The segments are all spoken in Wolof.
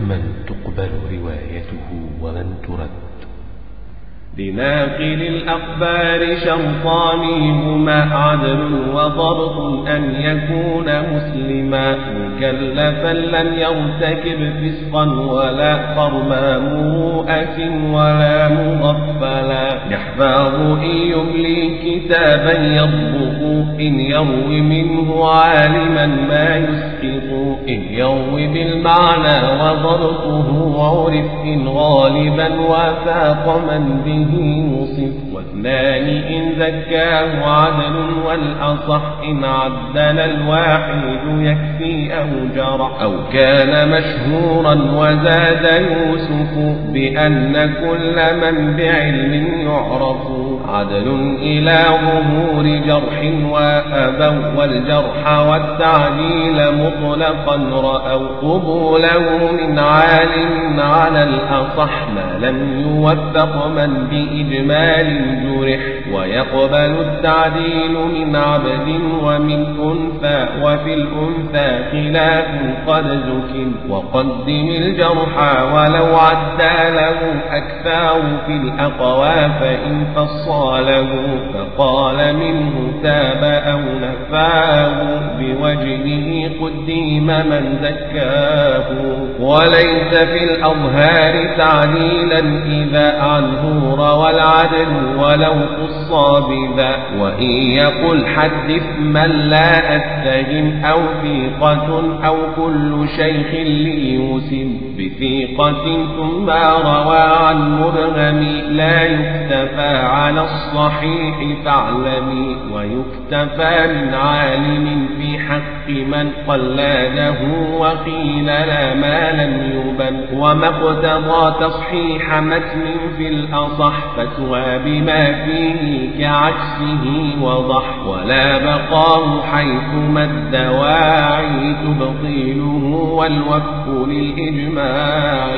من تقبل روايته ومن ترد بناقل الأخبار شرطانيهما عدل وضبط أن يكون مسلما مكلفا لم يرتكب فسقا ولا حرما مروءة ولا مغفلا يحفظ إن يملي كتابا يضبط إن يروي منه عالما ما يسقط إن يروي بالمعنى وضبطه عرف إن غالبا وفاق من به بِهِ يُصِفُونَ الرحمن إن زكاه عدل والأصح إن عدل الواحد يكفي أو جرح أو كان مشهورا وزاد يوسف بأن كل من بعلم يعرف عدل إلى ظهور جرح وأبوا والجرح والتعديل مطلقا رأوا قبوله من عالم على الأصح ما لم يوثق من بإجمال يرح ويقبل التعديل من عبد ومن أنثى وفي الأنثى خلاف قد زك وقدم الجرحى ولو عدى له أكثر في الأقوى فإن فصاله فقال منه تاب أو نفاه بوجهه قديم من زكاه وليس في الأظهار تعديلا إذا عنه روى العدل ولا ولو قصى بذا وإن يقل حدث من لا أتهم أو ثيقة أو كل شيخ ليوسم بثيقة ثم روى عن مبهم لا يكتفى على الصحيح فاعلمي ويكتفى من عالم في حق من قلاده وقيل لا ما لم يبن وما اقتضى تصحيح متن في الأصح فتوى بما فيه كعكسه وضح ولا بقاه حيثما الدواعي تبطيله والوفق للإجماع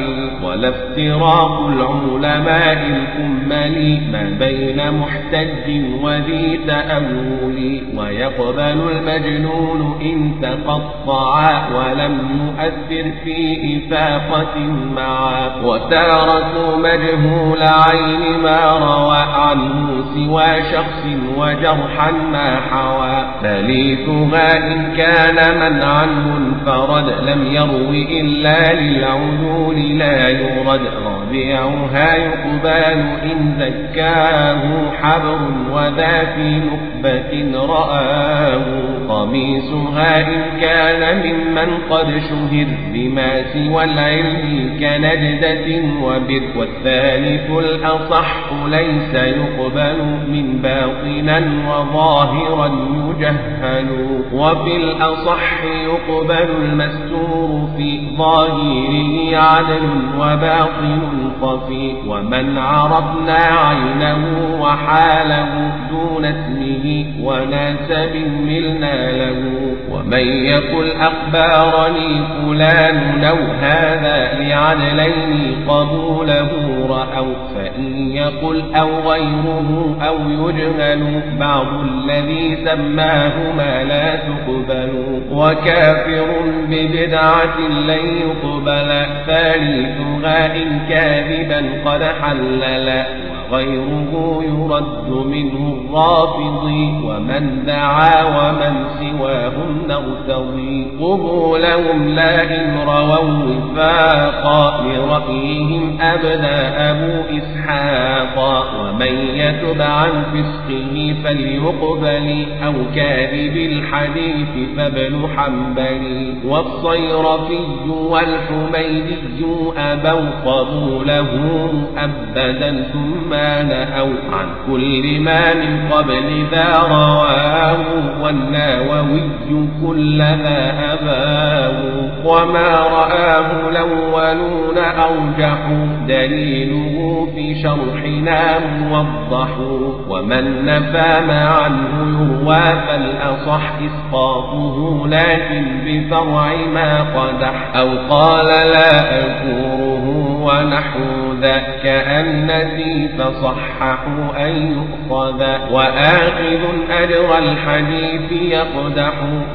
ولا افتراق العلماء الكملي ما بين محتج وذي تأول ويقبل المجنون إن تقطع ولم يؤثر في إفاقة معا وتارة مجهول عين ما روى عن عنه سوى شخص وجرحا ما حوى ثالثها إن كان من عنه انفرد لم يروي إلا للعيون لا يرد رابعها يقبال إن ذكاه حبر وذا في نخبة رآه قميصها إن كان ممن قد شهر بما سوى العلم كنجدة وبر والثالث الأصح ليس يقبل يقبل من باطنا وظاهرا يجهل وفي الأصح يقبل المستور في ظاهره عدل وباطن خفي ومن عرفنا عينه وحاله دون اسمه وناسب ملنا له ومن يقل أخبارني فلان لو هذا لعدلين قبوله رأوا فإن يقل أو غير أمره أو يجهل بعض الذي سماهما لا تقبل وكافر ببدعة لن يقبل ثالثها إن كاذبا قد حلل غيره يرد منه الرافض ومن دعا ومن سواهم نغتضي قبولهم لا إن رووا وفاقا لرأيهم أبناء أبو إسحاق ومن يتب عن فسقه فليقبل أو كاذب الحديث فابن حنبل والصيرفي والحميدي أبوا قبوله أبدا ثم نهوا عن كل ما من قبل ذا رواه والنووي كل ذا أباه وما رآه الأولون أرجحوا دليله في شرحنا موضح وصحوا ومن نفى ما عنه يروى فالأصح إسقاطه لكن بفرع ما قدح أو قال لا أكوره ونحو ذا كأن الذي فصححوا أن يؤخذ وآخذ أجر الحديث يقدح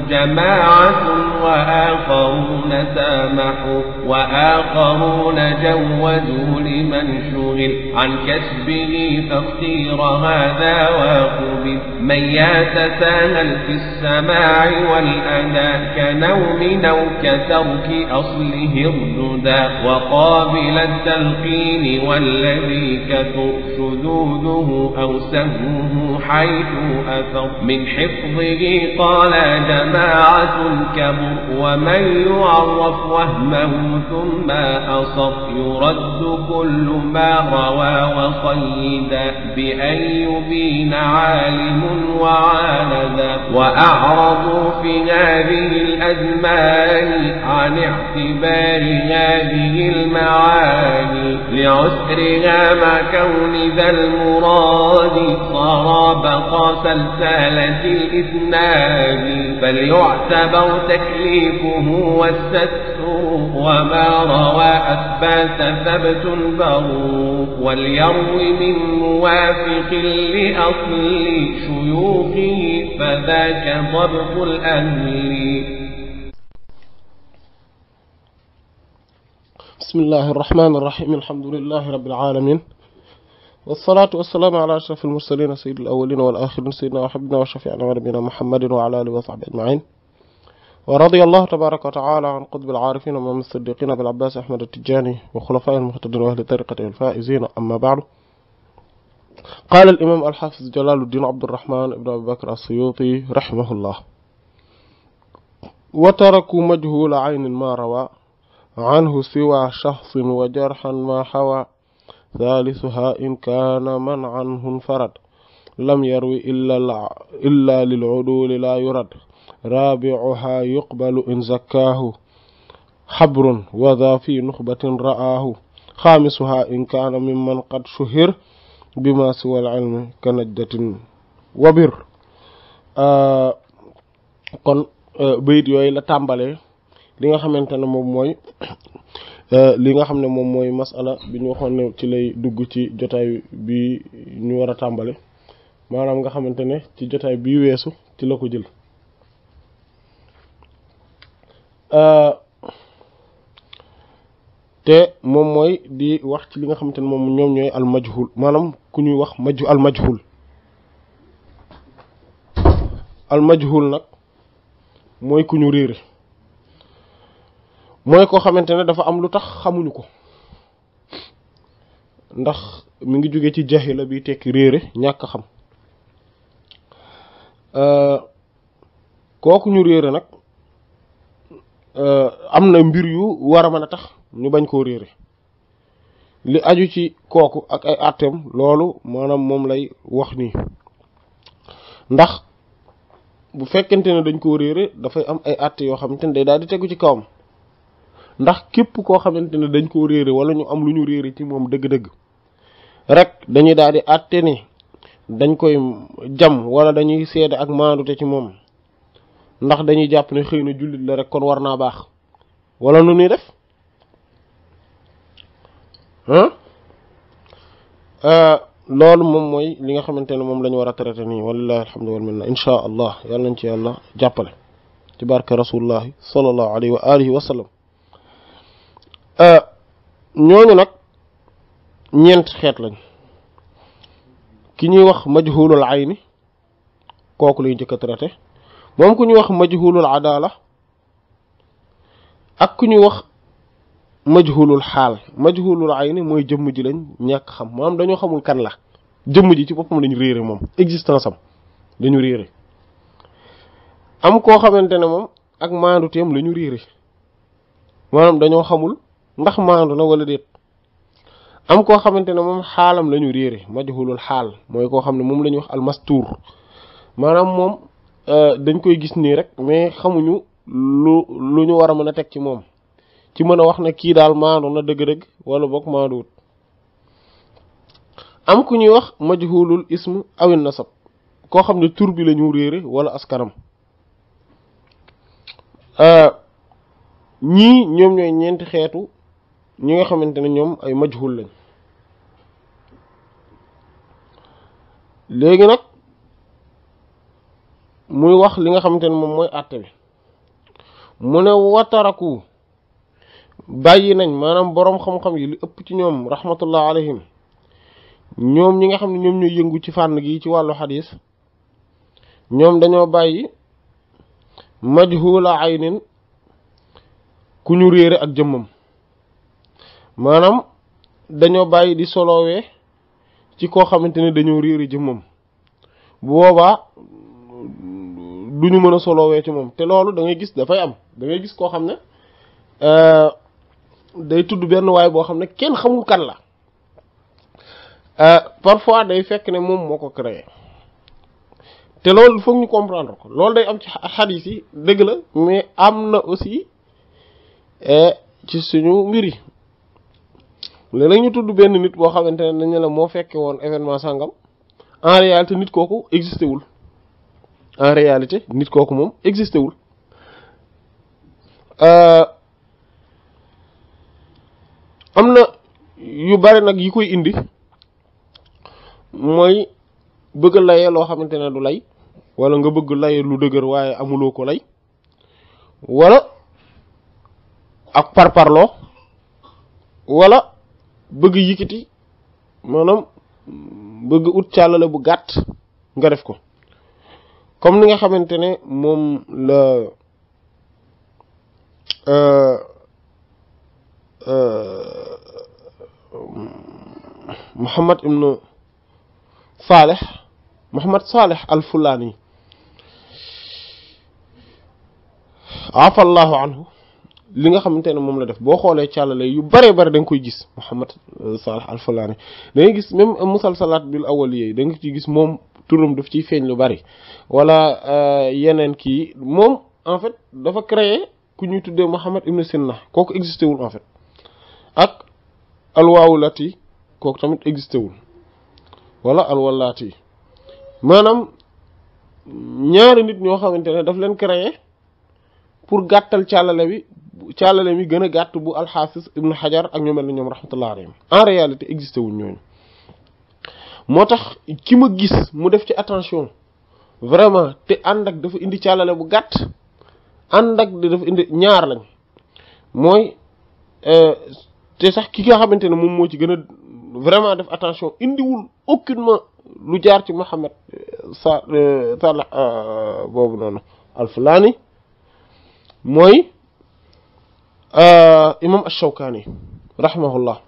جماعة وآخرون سامحوا وآخرون جودوا لمن شغل عن كسبه فاختير هذا وقبل من يتساهل في السماع والأداء كنوم أو كترك أصله الردى وقابل قبل التلقين والذي كثر شذوذه أو سهمه حيث أثر من حفظه قال جماعة كبر ومن يعرف وهمه ثم أصر يرد كل ما روى وصيد بأن يبين عالم وعالد وأعرضوا في هذه الأزمان عن اعتبار هذه المعاني العاني لعسرها مع كون ذا المراد صار بقى سلسلة الإثنان فليعتبر تكليفه والستر وما روى أثبات ثبت برو وليروي من موافق لأصل شيوخه فذاك ضبط الأهل بسم الله الرحمن الرحيم الحمد لله رب العالمين والصلاة والسلام على أشرف المرسلين سيد الأولين والآخرين سيدنا وحبنا وشفيعنا ونبينا محمد وعلى آله وصحبه أجمعين ورضي الله تبارك وتعالى عن قطب العارفين ومن الصديقين أبي العباس أحمد التجاني وخلفاء المهتدين وأهل طريقته الفائزين أما بعد قال الإمام الحافظ جلال الدين عبد الرحمن بن أبي بكر السيوطي رحمه الله وتركوا مجهول عين ما روى عنه سوى شخص وجرحا ما حوى ثالثها إن كان من عنه انفرد لم يروي إلا, إلا للعدول لا يرد رابعها يقبل إن زكاه حبر وذا في نخبة رآه خامسها إن كان ممن قد شهر بما سوى العلم كنجدة وبر آه... kon آه، بيديو إلى la li nga xamante ne moom mooy euh, li nga xam ne moom mooy masala bi ñu waxoon ne ci lay dugg ci jotaay bi ñu war a tàmbale maanaam nga xamante ne ci jotaay bi weesu ci la ko jël euh, te moom mooy di wax ci li nga xamante ne moom ñoom ñooy al majhul maanaam ku ñuy wax maj al majhul al majhul nag mooy ku ñu réere mooy koo xamante ne dafa am lu tax xamuñu ko ndax mi ngi jóge ci jahila bi tekki réere ñàkk xam euh, kooku ñu réere nag euh, am na mbir yu war a mën a tax ñu bañ koo réere li aju ci kooku ak ay àtteem loolu maanaam moom lay wax nii ndax bu fekkente ne dañ koo réere dafay am ay àtte yoo xamante ne day daal di tegu ci kawam ndax képp koo xamante ne dañ koo réere wala ñu am lu ñu réere ci moom dëgg-dëgg rek dañuy daal di àtte ni dañ koy jam wala dañuy seede ak maandute ci moom ndax dañuy jàpp ne jullit la rek kon war naa baax wala nu ñuy def euh, loolu moom mooy li nga xamante ne moom la ñu war a traité nii walillahi wal minna inchaa allah yàlla nañ ci yàlla jàppale ci barke rasulullah sallallahu alayhi wa alihi wa sallam Euh, ñooñu nag ñeent xeet lañ ki ñuy wax majhulul ayni kooku lañu njëkk a traité moom ku ñuy wax majhulul adala ak ku ñuy wax majhulul xaal majhulul ayni mooy jëmm ji lañ ñàkk xam maanaam dañu xamul kan la jëmm ji ci boppam lañu réere moom existence am dañu réere am koo xamante ne moom ak maanduteem lañu ñu réere dañoo xamul ndax maandu na wala déet am koo xamante ne moom xaalam la ñu réere majhulul xaal mooy koo xam ne moom la ñuy wax almastuur maanaam moom euh, dañ koy gis nii rek mais xamuñu lu lu ñu war a mën a teg ci moom ci mën a wax ne kii daal maandu na dëgg-dëgg wala boog maanduwut am ku ñuy wax majhulul ism awin na nasab koo xam ne tur bi lañu ñu réere wala askanam euh, ñii ñoom ñooy ñeenti xeetu ñi nga xamante ne ñoom ay majhul lañ léegi nag muy wax li nga xamante ne moom mooy àtte bi mu ne wataraku bàyyi nañ maanaam boroom xam-xam yi lu ëpp ci ñoom rahmatullah alayhim ñoom ñi nga xam ne ñoom ñooy yëngu ci fànn gi ci wàllu xadis ñoom dañoo bàyyi majhula aynin ku ñu réere ak jëmmam maanaam dañoo bàyyi di solowee ci koo xamante ne dañoo réeri jëmmam bu boobaa du ñu mën a solowee ci moom te loolu dangay gis dafay am da ngay gis koo xam ne euh, day tudd benn waay boo xam ne kenn xamul kan la euh, parfois day fekk ne moom moo ko créé te loolu foog ñu comprendre ko loolu day am ci xadiis yi dëgg la mais am na aussi euh, ci suñu mbir léeg-léeg ñu tudd benn nit boo xamante ne dañu la moo fekke woon événement sangam en réalité nit kooku existé wul en réalité nit kooku moom existé wul euh, am na yu bari nag yi koy indi mooy bëgg laye loo xamante ne du lay wala nga bëgg laye lu dëgër waaye amuloo ko lay walla ak parparloo wala bëgg yëkkati maanaam bëgg ut càllale bu gàtt nga def ko comme ni nga xamante ne moom la euh, euh, Muhammad ibnu Saleh Muhammad Saleh al-Fulani afallahu anhu li nga xamante ne moom la def boo xoolee càllale yu bare bare danga koy gis Muhammad euh, Salih Al-Falaani gis même musalsalaat bil awal yooyu da nga ciy gis moom turam def ciy feeñ lu bari wala euh, yeneen kii moom en fait dafa créer ku ñuy tuddee Muhammad Ibn na kooku existé wul en fait ak kook kooku tamit existé wul wala alwalaati maanaam ñaari nit ñoo xamante ne daf leen créer pour gàttal càllale bi càllale mi gën a gàtt bu alxaafis ibnu xajar ak ñu mel na ñoom rahmatullah alayhim en réalité existé wuñ ñooñu moo tax ki ma gis mu def ci attention vraiment te ànd ak dafa indi càllale bu gàtt ànd ak dafa indi ñaar lañ mooy euh, te sax ki nga xamante ne moom moo ci gën a vraiment def attention indiwul aucunement lu jaar ci Muhammad euh, sa euh, boobu noonu alfulaani mooy آه، إمام الشوكاني رحمه الله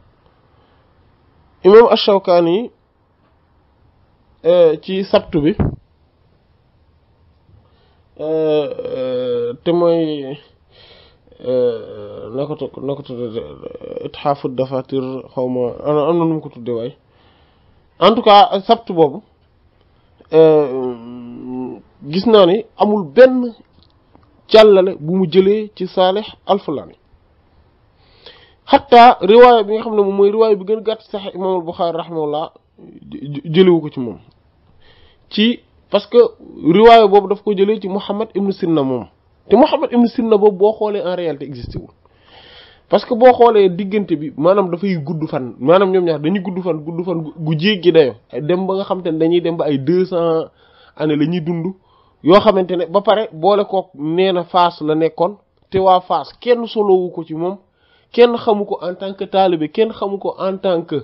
إمام الشوكاني تي سبتو بي تموي إتحاف الدفاتر خوما أنا أنا نمكت الدواي أنتوكا سبتو بابو gis naa ni amul benn càllale bu mu jëlee ci saalex alfulaani xatta riwaaya bi nga xam ne moom mooy riwaaya bi gën a gàtt sax imaamul Buxaari rahimahullah jëlewu ko ci moom ci parce que riwaaya boobu daf ko jëlee ci Muhammad ibnu Sinna moom te Muhammad ibnu Sinna boobu boo xoolee en réalité existé wul parce que boo xoolee diggante bi maanaam dafay gudd fan maanaam ñoom ñaar dañuy gudd fan gudd fan gu jéggi dayo dem ba nga xam te ne dañuy dem ba ay deux cent années la ñuy dund yoo xamante ne ba pare boole kook nee na Faas la nekkoon te waa Faas kenn solowu ko ci moom kenn xamu ko en tant que taalibe kenn xamu ko en tant que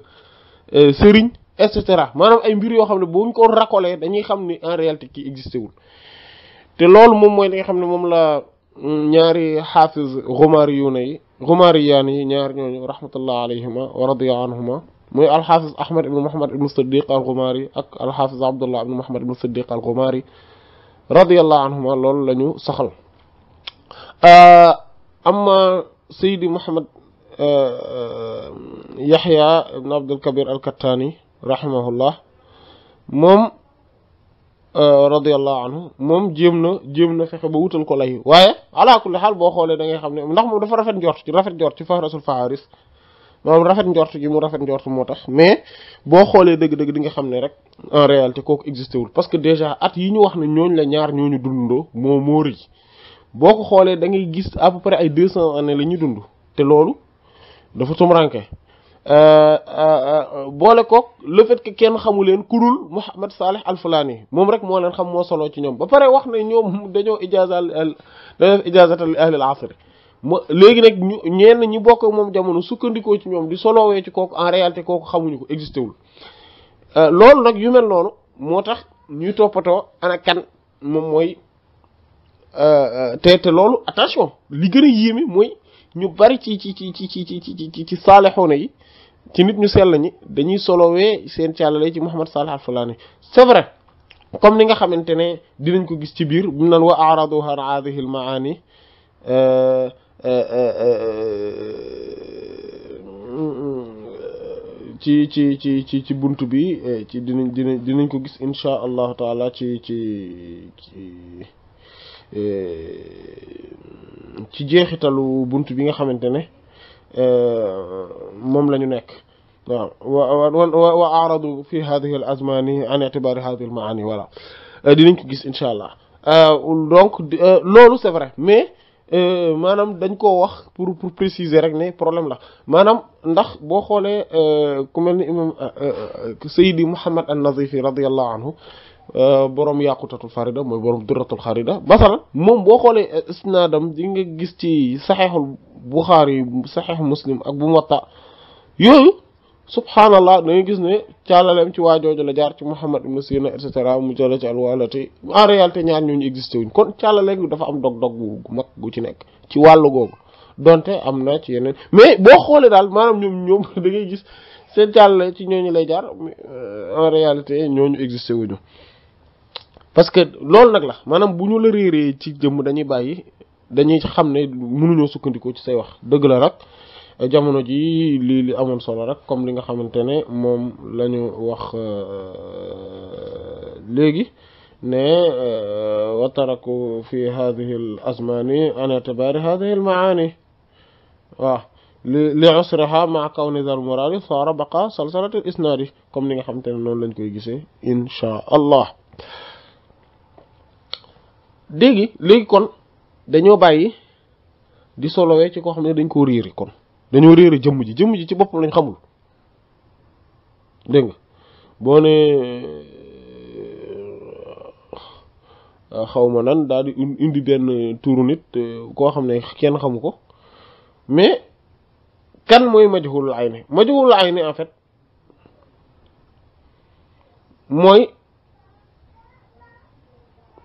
sëriñ et cetera maanaam ay mbir yoo xam ne buñ ko racolee dañuy xam ni en réalité ki existé wul te loolu moom mooy li nga xam ne moom la ñaari xaafiz xumaariyuuna yi xumaariyaan yi ñaari ñooñu rahmatullah alayhima wa radiya anhuma muy alxaafiz ahmad ibnu muhammad ibnu siddiq al xumaari ak alxaafiz abdullah ibnu muhammad ibnu siddiq al xumaari radiallahu anhuma loolu la ñu saxal amma سيدي محمد آه، آه، يحيى بن عبد الكبير الكتاني رحمه الله مم آه، رضي الله عنه مم جيمنا جيمنا فخه بو ووتال كو لاي وايا على كل حال بو خوله داغي خامني ناخ مو دا رافيت نجورت دي رافيت نجورت في فخر رسول فارس موم رافيت نجورت جي مو رافيت نجورت موتاخ مي بو خوله دغ دغ ديغي خامني رك ان رياليتي كوك اكزيستي وول باسكو ديجا ات يي ني واخ ني نيون لا ñar ñoñu dundo مو موري boo ko xoolee da ngay gis à peu près ay deux cent années la ñuy dund te loolu dafa tumranke euh, euh, euh, boole kook le que kenn xamu leen kurul Mouhamed Saleh yi moom rek moo leen xam moo solo ci ñoom ba pare wax ne ñoom dañoo ijaazal dañoo def ijaazatal ahlil ma léegi nag ñu ñenn ñi bokk moom jamono sukkandikoo ci ñoom di solowee ci kooku en réalité kooku xamuñu ko existé wul loolu nag yu mel noonu moo tax ñuy toppatoo ana moom mooy. te te loolu attention li gën a yéeme mooy ñu bari ci ci ci ci ci ci ci ci saalixoona yi ci nit ñu sell ñi dañuy solowee seen càllale ci Muhammad Salih al-Fulani c'est vrai comme ni nga xamante ne dinañ ko gis ci biir bu nan wa araduha an haadihi al maani ci ci ci ci ci bunt bi ci dinañ dinañ dinañ ko gis insha allahu taala ci ci ci jeexitalu buntu bi nga xamantene euh mom lañu nek wa wa aradu fi hadhihi al azmani an i'tibar hadhihi al maani wala di dinañ ko gis inshallah euh donc lolu c'est vrai mais euh manam dañ ko wax pour pour préciser rek ne problème la manam ndax bo xolé euh ku melni imam sayidi muhammad an nazifi radiyallahu anhu Euh, borom yàqutatul farida mooy borom duratul xarida masalan moom boo xoolee euh, isnaadam di nga gis ci saxeexul buxaari saxeex muslim ak bu muwatta yooyu subhaanallah da nga gis ne caalaleem ci waajooju la jaar ci Muhammad ibn Sina cetera mu jëlee ci alwalati en réalité ñaar ñooñu existé wuñ kon caalaleeg bi dafa am dog-dog gu mag ci nekk ci wàllu googu donte am na ci yeneen mais boo xoolee daal maanaam ñoom ñoom da ngay gis seen caalale ci ñooñu lay jaar euh, en réalité ñooñu existé wuñu parce que lool nak la manam buñu ñu la réeree ci jëm dañuy bàyyi dañuy xamné mënu mënuñoo sukkandiko ci say wax deug la rak jamono ji li li amon solo rak comme li nga xamantene mom lañu wax léegi ne wa taraku fi hadhihi al azmani ana itibaari hadhihi al maani wa li usraha ma kawni zal murari saara baqa salsalatil isnaadi comme li nga xamantene non lañ koy gisee insha allah léegi léegi kon dañoo bàyyi di solowee ci koo xam ne dañ koo réere kon dañoo réere jëmm ji jëmm ji ci bopp lañ xamul dégg nga boo ne euh, ah, xaw ma nan daal di indi benn turu nit euh, koo xam ne kenn xamu ko mais kan mooy majhulul ayni majhulul ayni en fait mooy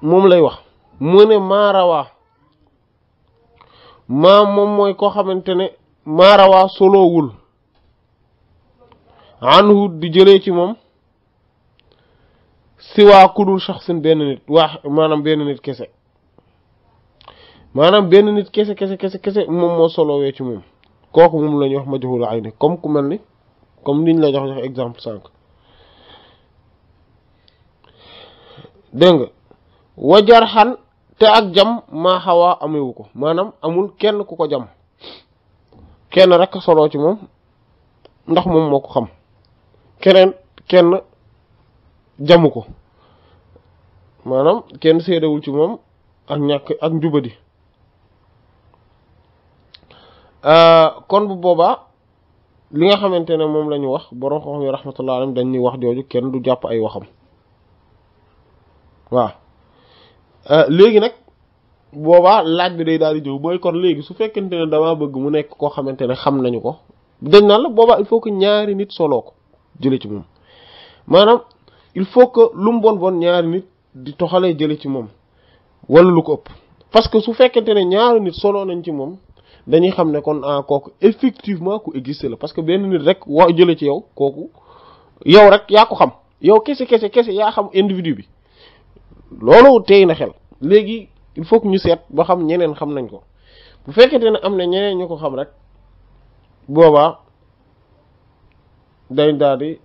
moom lay wax mu ne maarawaa maa moom mooy koo xamante ne maarawaa solowul anhu di jëlee ci moom si waa kudul shaxsin benn nit waa maanaam benn nit kese maanaam benn nit kese kese kese kese moom moo solowee ci moom kooku moom la ñuy wax majhul ayni comme ku mel ni comme niñ la jox jox exemple sànq dégg nga wajarxan te ak jam ma xawaa amewu ko manam amul kenn ku ko jam kenn rek solo ci mom ndax mom moko xam keneen kenn jamuko manam kenn sédewul ci mom ak ñak ak njubadi euh, kon bu boba li nga xamantene mom lañu wax borom xam dañ ni wax joju kenn du japp ay waxam waaw Euh, léegi nag boobaa laaj bi day daal di jëw booy kon léegi su fekkente ne damaa bëgg mu nekk koo xamante ne xam nañu ko dañ naa la boobaa il faut que ñaari nit soloo ko jële ci moom maanaam il faut que lu mu bon bon ñaari nit di toxalee ci moom wala ko ëpp parce que su fekkente ne ñaari nit soloo nañ ci moom dañuy xam ne kon ah kooku effectivement ku existe la parce que benn nit rek waa jële ci yow kooku yow rek yaa ko xam yow kese kese kese yaa xam individu bi loolu tey na xel léegi il faut que ñu seet ba xam ñeneen xam nañ ko bu fekkente ne am na ñeneen ñu ko xam rek boobaa dañ daal di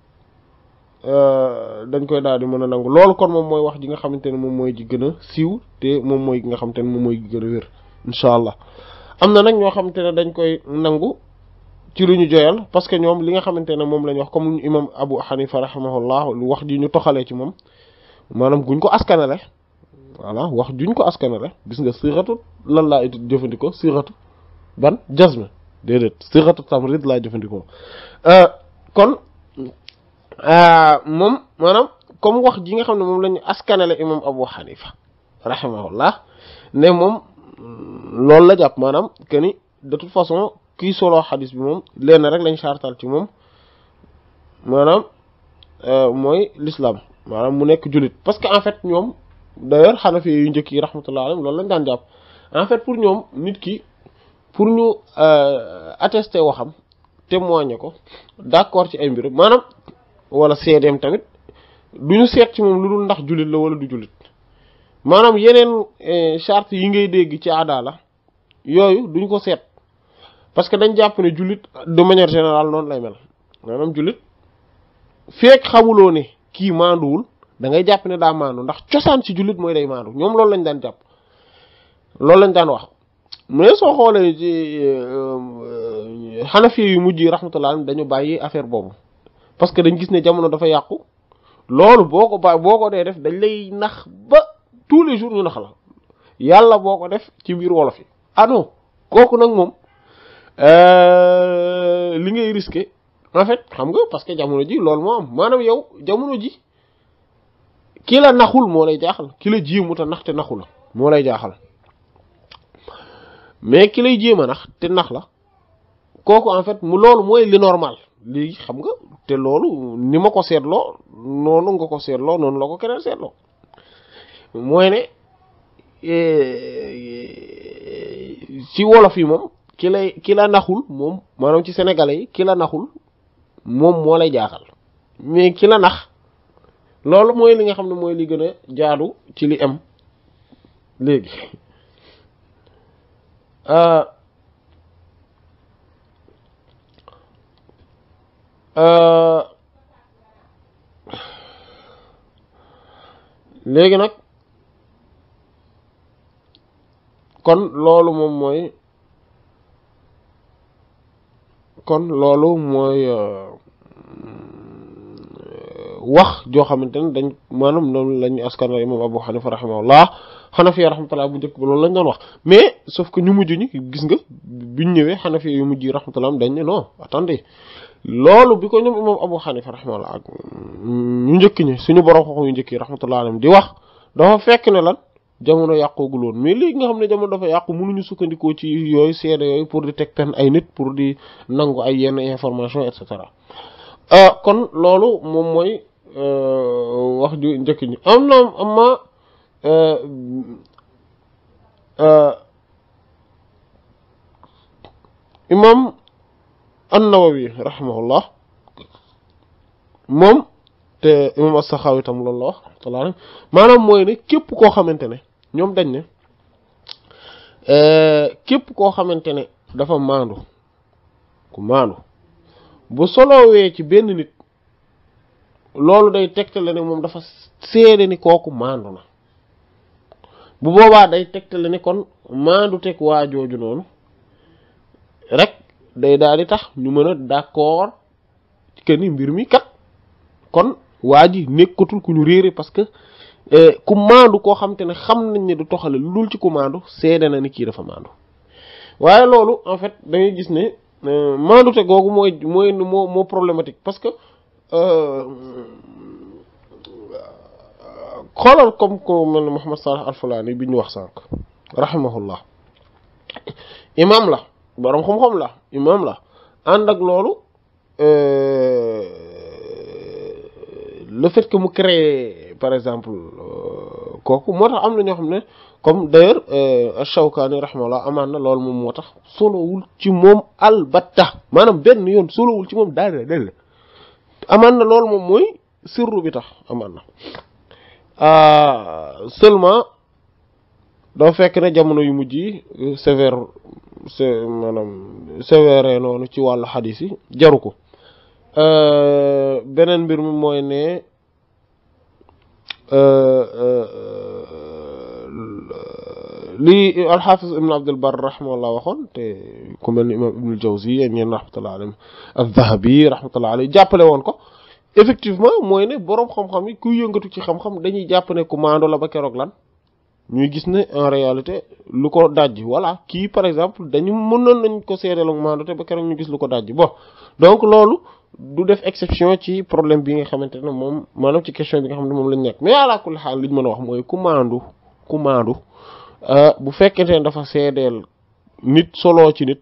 euh, dañ koy daal di mën a nangu loolu kon moom mooy wax ji nga xamante ne moom mooy ji gën a siiw te moom mooy gi nga xamante ne moom mooy gi gën a am na nag ñoo xamante ne dañ koy nangu ci lu parce que ñoom nga xamante ne moom lañ wax comme imam Abu Hanifa rahimahullah lu wax ji ñu toxalee ci moom manam guñ ko askanale wala wax juñ ko askanale gis nga siratu lan la it jëfandikoo siratu ban jazme dedet siratu tamrid la laa euh kon euh mom manam comme wax gi nga xamne mom lañu askanale imam Abu Hanifa rahimahullah ne mom loolu la jàpp manam que ni de toute façon ki solo hadith bi mom lenn rek lañ chartal ci mom manam euh moy l'islam maanaam mu nekk jullit parce que en fait ñoom d'ailleurs xanafi yu njëkk yi rahmatullah alayhim loolu lañ daan jàpp en fait pour ñoom nit ki pour ñu euh, attester waxam témoigner ko d'accord ci ay mbir maanaam wala seedeem tamit du ñu seet ci moom lu dul ndax jullit la wala du jullit maanaam yeneen euh, charte yi ngay dégg ci aadaala yooyu duñ ko seet parce que dañ jàpp ne jullit de manière générale noonu lay mel maanaam jullit feek xamuloo ni kii maanduwul da ngay jàpp ne daa maandu ndax cosaan si jullit mooy day maandu ñoom lool lañ daan jàpp loolu lañ daan wax mais soo xoolee ci xanafi euh, yu mujj yi rahmatullah dañu bàyyi affaire boobu parce que dañ gis ne jamono dafa yàqu loolu boo ko ba boo ko dee def dañ lay nax ba tous les jours ñu nax la yàlla boo ko def ci biir wolof yi ah kooku nag moom euh, li ngay risqué rafet xam nga parce que jamono ji loolu moo am maanaam yow jamono ji ki naxul moo lay jaaxal ki la jéemu te nax moo lay jaaxal mais kilay jéem a nax te nax la kooku en fait mu loolu mooy li normal léegi xam nga te loolu ni ma ko seetloo noonu nga ko seetloo noonu la ko keneen seetloo mooy ne eh, eh, ci wolof yi moom ki lay ki la naxul moom maanaam ci sénégalais yi ki naxul moom moo lay jaaxal mais ki la nax loolu mooy li nga xam ne mooy li gën a jaadu ci li am léegi euh, euh, léegi nag kon loolu moom mooy kon loolu mooy euh, euh, wax joo xamante ne dañ maanaam noonu la ñu askanal imam Abu Hanifa rahimahullah xanafiya rahmatullah bu njëkk ba loolu lañ doon wax mais sauf que ñu mujj ñi gis nga biñ ñëwee xanafiya yu mujj yi rahmatullah dañ ne non attendez loolu bi ko ñoom imam Abu Hanifa rahimahullah ñu njëkk ñi suñu borom xox yu njëkk yi rahmatullah di wax dafa fekk ne lan jamono yàqoogul woon léegi nga xam ne jamono dafa yàqu ñu sukkandikoo ci yooyu seede yooyu pour di teg pen ay nit pour di nangu ay yenn information et cetera euh, kon loolu moom mooy euh, wax ju njëkk ñi am na am ma euh, imam moom te imam as-Sakhawi tam loolu la wax maanaam mooy ne képp koo xamante ne ñoom dañ ne euh, képp koo xamante ne dafa maandu ku maandu bu solowee ci benn nit loolu day tegtale ne moom dafa seede ni kooku maandu na bu boobaa day tegtale ni kon maandu teg waa jooju noonu rek day daal di tax ñu mën a d' accord ci que ni mbir mi kat kon waa ji nekkatul ku ñu réere parce que ku maandu koo xam te ne xam nañ ne du toxale lu dul ci ku maandu seede na ni kii dafa maandu waaye loolu en fait da ngay gis ne maandute googu mooy mooy moo moo problématique parce que xoolal comme ko mel ne Mouhamed Salah Alfulaani bi ñu wax sànq rahimahullah imam la borom xam-xam la imam la ànd ak loolu le fait que mu crée par exemple koku motax tax am na ñoo xamne comme d'ailleurs Shawkaani shawkani rahmalahu amana lool mom motax solo wul ci moom albatta maanaam benn yoon wul ci mom dal dal amana lool mom moy sirru bi tax amana ah seulement do fekk na jamono yu mujjii sever se manam sévère nonu ci walu xadis yi jaru ko beneen mbir mi mooy ne Euh, euh, euh, li alxaafis ibn abdul bar raximahullah waxoon te ku mel ni imam ibnul jawzi ñeen raxmatullah alayhi az jàppale woon ko effectivement mooy ne boroom xam-xam yi kuy yëngatu ci xam-xam dañuy jàpp ne ku maando la ba keroog lan ñuy gis ne en réalité lu ko dajj voilà kii par exemple dañu mënoon nañ ko seedeelu maando te ba keroog ñu gis lu ko dajj bon donc loolu du def exception ci problème bi nga xamantene mom manam ci question bi nga xamantene mom moom nek mais ala kul hal li mëna wax moy commandu commandu euh bu fekkente dafa sédel nit solo ci nit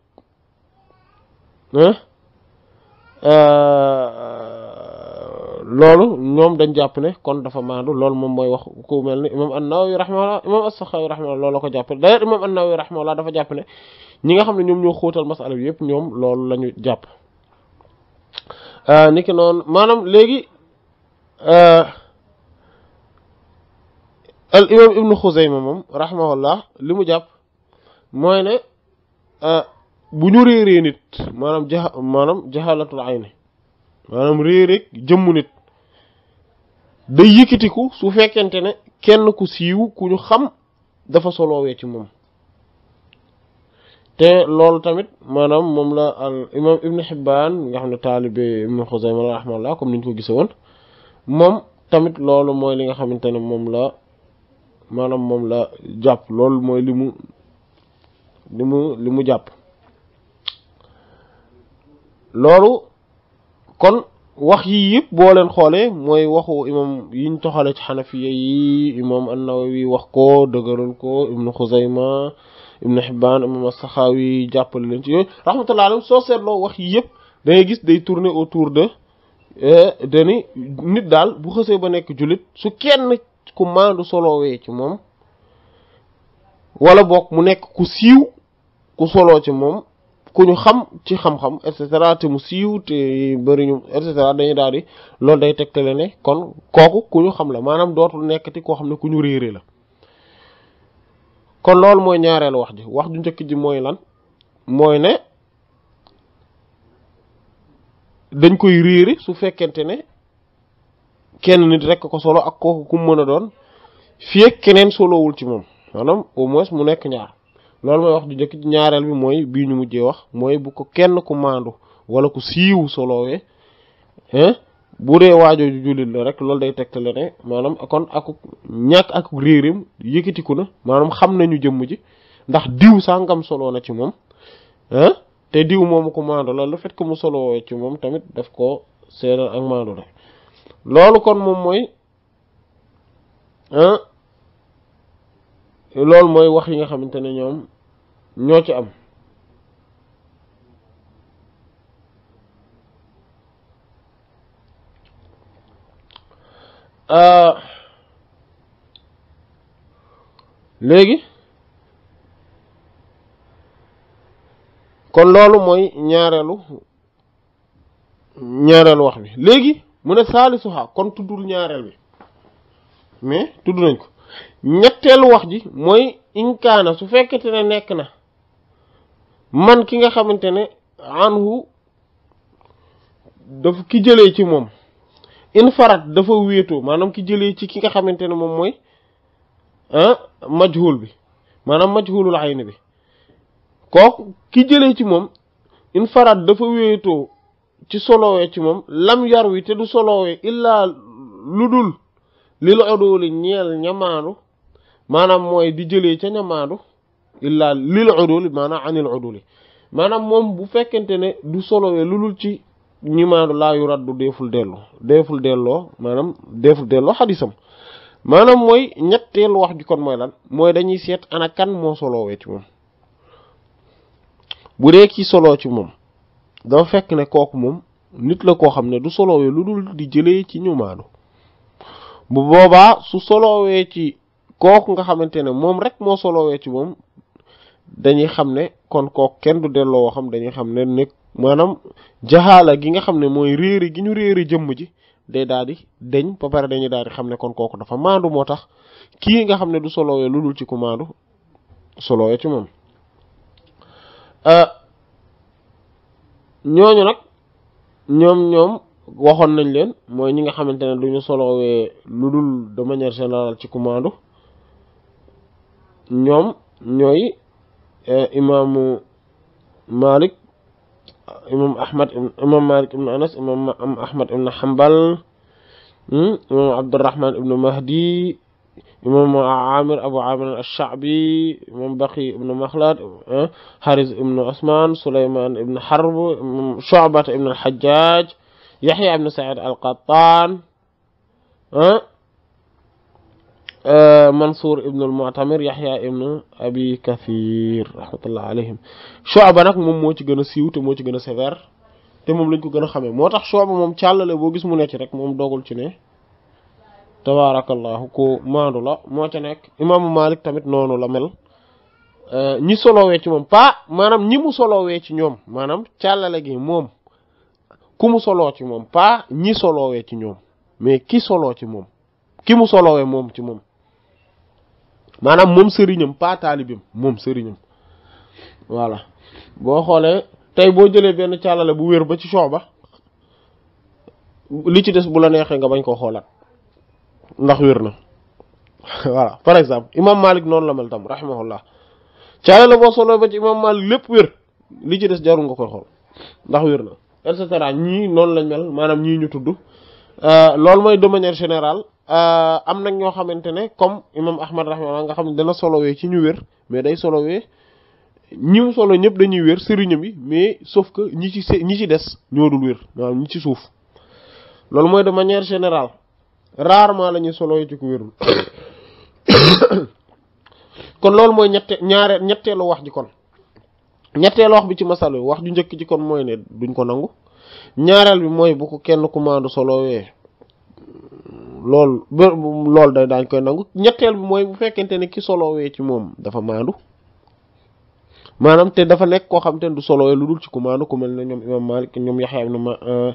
euh, lolu ñom dañ japp ne kon dafa mandu lolu mom moy wax ku melni ni imam an-Nawawi rahimahullah imam as-Sakhawi rahimahullah lolu ko japp d'ailleurs imam an-Nawawi rahimahullah dafa japp ne ñi nga xamne ñom ñoo xootal masal yépp ñom lolu lañu la Euh, niki noonu maanaam léegi euh, al imam ibnu xuzayma moom rahmahullah li mu jàpp mooy ne euh, bu ñu réeree nit maanaam ja maanaam jaxalatul maanaam réeréeg jëmm nit day yëkkatiku su fekkente ne kenn ku siiw ku ñu xam dafa soloowee ci moom te loolu tamit maanaam moom la al imam ibnu Hibbaan nga xam ne taalibe ibnu Xuzayma la rahmallah comme ni ñu ko gise woon tamit loolu mooy li nga xamante ne moom la maanaam moom la jàpp loolu mooy li li mu li mu jàpp loolu kon wax yi yëpp boo leen xoolee mooy waxu imam yiñ toxale ci xanafiya yi imam an-Nawawi wax ko dëgëral ko ibnu Xuzayma Ibn Hibban imam saxaaw yi jàppale leen ci yooyu rahmatullah alayhi soo seetloo wax yi yëpp da gis day tourner autour de eh, dani nit daal bu xësee ba nekk jullit su kenn ku maandu solowee ci moom wala bokk mu nekk ku siiw ku soloo ci moom ku ñu xam ci xam-xam et te mu siiw te bari ñu et cetera dañuy daal di loolu day tegtale ne kon kooku ku ñu xam la maanaam dootul nekkati koo xam ne ku ñu réere la kon loolu mooy ñaareelu wax ji wax ju njëkk ji mooy lan mooy ne dañ koy réeri su fekkente ne kenn nit rekk ko solo ak kooku ku mën a doon fii keneen solowul ci moom maanaam au moins mu nekk ñaar loolu mooy wax ju njëkk ji ñaareel bi mooy bii ñu mujjee wax mooy bu ko kenn ku maandu walla ku siiw solowee hein bu dee waajooju jullit la rek loolu day tegtale ne maanaam kon akuk ñàkk akuk réerim yëkkatiku na maanaam xam nañu jëmm ji ndax diw sàngam soloo na ci moom te diw moom ko maandu la le fait que mu soloo ci moom tamit daf ko seedal ak maandu la loolu kon moom mooy loolu mooy wax yi nga xamante ne ñoom ñoo ci am Euh, léegi kon loolu mooy ñaareelu ñaareelu wax bi léegi mu ne saalisuha kon tuddul ñaareel bi mais tudd nañ ko ñetteelu wax ji mooy inkaana su fekkete ne nekk na man ki nga xamante ne anhu dafa ki jëlee ci moom infarat dafa wéeto maanaam ki jëlee ci ki nga xamante ne moom mooy ah majhul bi maanaam majhulul ayn bi koo ki jëlee ci moom infarat dafa wéeto ci soloowee ci moom lam yar wi te du soloowee illa lu dul li la odoole ñeel ñamaanu maanaam mooy di jëlee ca ñamaanu illa lil oduli maanaam anil oduli maanaam moom bu fekkente ne du soloowee lulul ci ñimaanu laa yu raddu deeful dellu deeful delloo maanaam deeful delloo xadisam maanaam mooy ñetteelu wax ji kon mooy lan mooy dañuy seet ana kan moo solowee ci moom bu dee ki soloo ci moom dafa fekk ne kooku moom nit la koo xam ne du solowee lu dul di jëlee ci ñumaanu bu boobaa su solowee ci kooku nga xamante ne moom rek moo solowee ci moom dañuy xam ne kon kook kenn du delloo woo xam dañuy xam ne ne maanaam jaxaala gi nga xam ne mooy réeri gi ñu réeri jëmm ji day daal di deñ ba pare dañuy daal di xam ne kon kooku dafa maandu moo tax kii nga xam ne du soloowee lu dul ci ku maandu soloowee ci moom euh, ñooñu nag ñoom ñoom waxoon nañ leen mooy ñi nga xamante ne du ñu soloowee lu dul de manière générale ci ku maandu ñoom ñooy إمام مالك إمام أحمد إمام مالك بن أنس إمام أحمد بن حنبل إمام عبد الرحمن بن مهدي إمام عامر أبو عامر الشعبي إمام بقي بن مخلد حارز بن عثمان سليمان بن حرب شعبة بن الحجاج يحيى بن سعيد القطان Euh, Mansour ibn al-Mu'tamir Yahya ibn Abi Kathir rahmatullah alayhim Shu'ba nag moom moo ci gën a siiw te moo ci gën a sévère te moom lañ ko gën a xamee moo tax Shu'ba moom càllale boo gis mu nekk rek moom dogul ci ne tabaarakallahu ko maandu la moo ca nekk imaamu Malik tamit noonu la mel euh, ñi solowee ci moom pas maanaam ñi mu solowee ci ñoom maanaam càllale gi moom ku mu soloo ci moom paa ñi solowee ci ñoom mais ki soloo ci moom ki mu solowee moom ci moom maanaam moom sëriñam pas taalibim moom sëriñam voilà boo xoolee tey boo jëlee benn càllale bu wér ba ci ba li ci des bu la neexee nga bañ koo xoolaat ndax wér na voilà par exemple imam Malik noonu la mel tam rahimahullah càllale boo solo ba ci imam Malik lépp wér li ci des jarul nga ko xool ndax wér na et cetera ñii noonu lañ mel maanaam ñii ñu tudd euh, loolu mooy de général Euh, am nañ ño xamantene comme imam ahmad rahimahullah nga xam dana solo solowee ci ñu wër mais day solowee ñi mu solo ñep dañuy wër serigne bi mais sauf que ñi ci ñi ci dess ñoo dul wër maanaam ñi ci suuf lool moy de manière générale rarement lañu solo ci ku wérul kon lool moy ñette ñaare ñette ñetteelu wax ji kon ñette ñetteelu wax bi ci masal wax ju ñëk ci kon moy ne duñ ko nangu ñaaral bi moy bu ko kenn ku solo solowee loolu loolu da daañ koy nangu ñetteel bi mooy bu fekkente ne ki solowee ci moom dafa maandu maanaam te dafa nekk koo xam te du solowee lu dul ci ku maandu ku mel ne ñoom imam malik ñoom yaxya ibnu ma euh,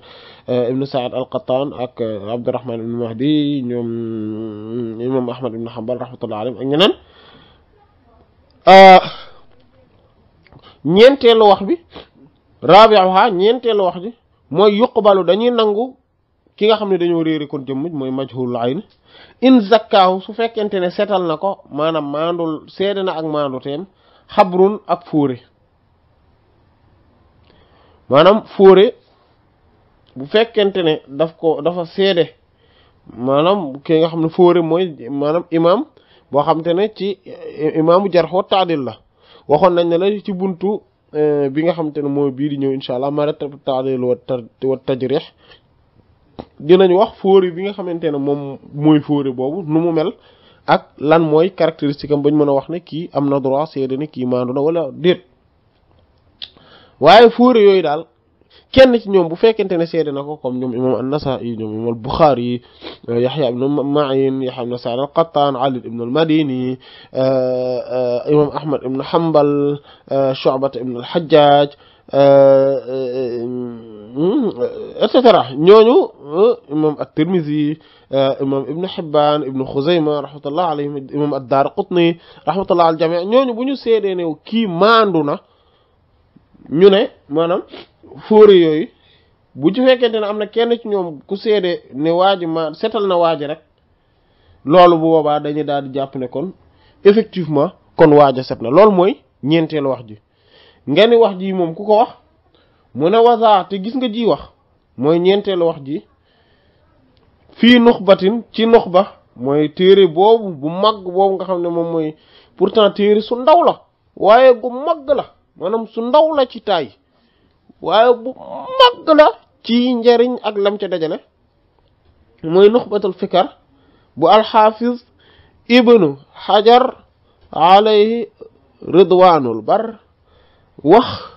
ibnu saad al qattaan ak euh, abdurahman ibnu mahdi ñoom imam ahmad ibnu hanbal rahmatullah alayhim ak ñeneen euh, ñeenteelu wax bi raabiuha ñeenteelu wax bi mooy yuqbalu dañuy nangu ki nga xam ne dañoo réeri kon jëmm mooy majhul ayn in zakkaahu su fekkente ne setal na ko maanaam maandul seede na ak maandu teem xabrun ak fóore maanaam fóore bu fekkente ne daf ko dafa seede maanaam ki nga xam ne fóore mooy maanaam imaam boo xam te ne ci eh, imaamu jarxoo taadil la waxoon nañ ne la ci buntu eh, bi nga xam te mooy bii di ñëw incha allah mara taadil wa tajrih dinañ wax fóori bi nga xamante ne moom mooy fóori boobu nu mu mel ak lan mooy caractéristique am bañ mën a wax ne kii am na droit seede ne kii maandu na wala déet waaye fóori yooyu daal kenn ci ñoom bu fekkente ne seede na ko comme ñoom imam an-Nasa'i ñoom imam al-Bukhari Yahya ibn Ma'in Yahya ibn Sa'id al-Qattan Ali ibn al-Madini imam Ahmad ibn Hanbal Shu'bah ibn al-Hajjaj Euh, et cetera ñooñu euh, imam at-Tirmizi euh, imam Ibn Hibban Ibn Khuzayma rahmatullah alayhim imam ad-Darqutni rahmatullah al jami ñooñu bu ñu seedee ne kii maandu na ñu ne maanaam fóore yooyu bu ci fekkente ne am na kenn ci ñoom ku seede ne waa ma setal na waa ji rek loolu bu boobaa dañuy daal di jàpp ne kon effectivement kon waaja a set na loolu mooy ñeenteelu wax ji nga wax ji moom ku ko wax. mu ne waza te gis nga ji wax mooy ñeenteelu wax ji fii nuxbatin ci nuxba mooy téere boobu bu mag boobu nga xam ne moom mooy pourtant téere su ndaw la waaye bu mag la maanaam su ndaw la ci taay waaye bu mag la ci njariñ ak lam ca dajale mooy nuxbatul fikar bu alxaafiz ibnu xajar alayhi ridwanul bar wax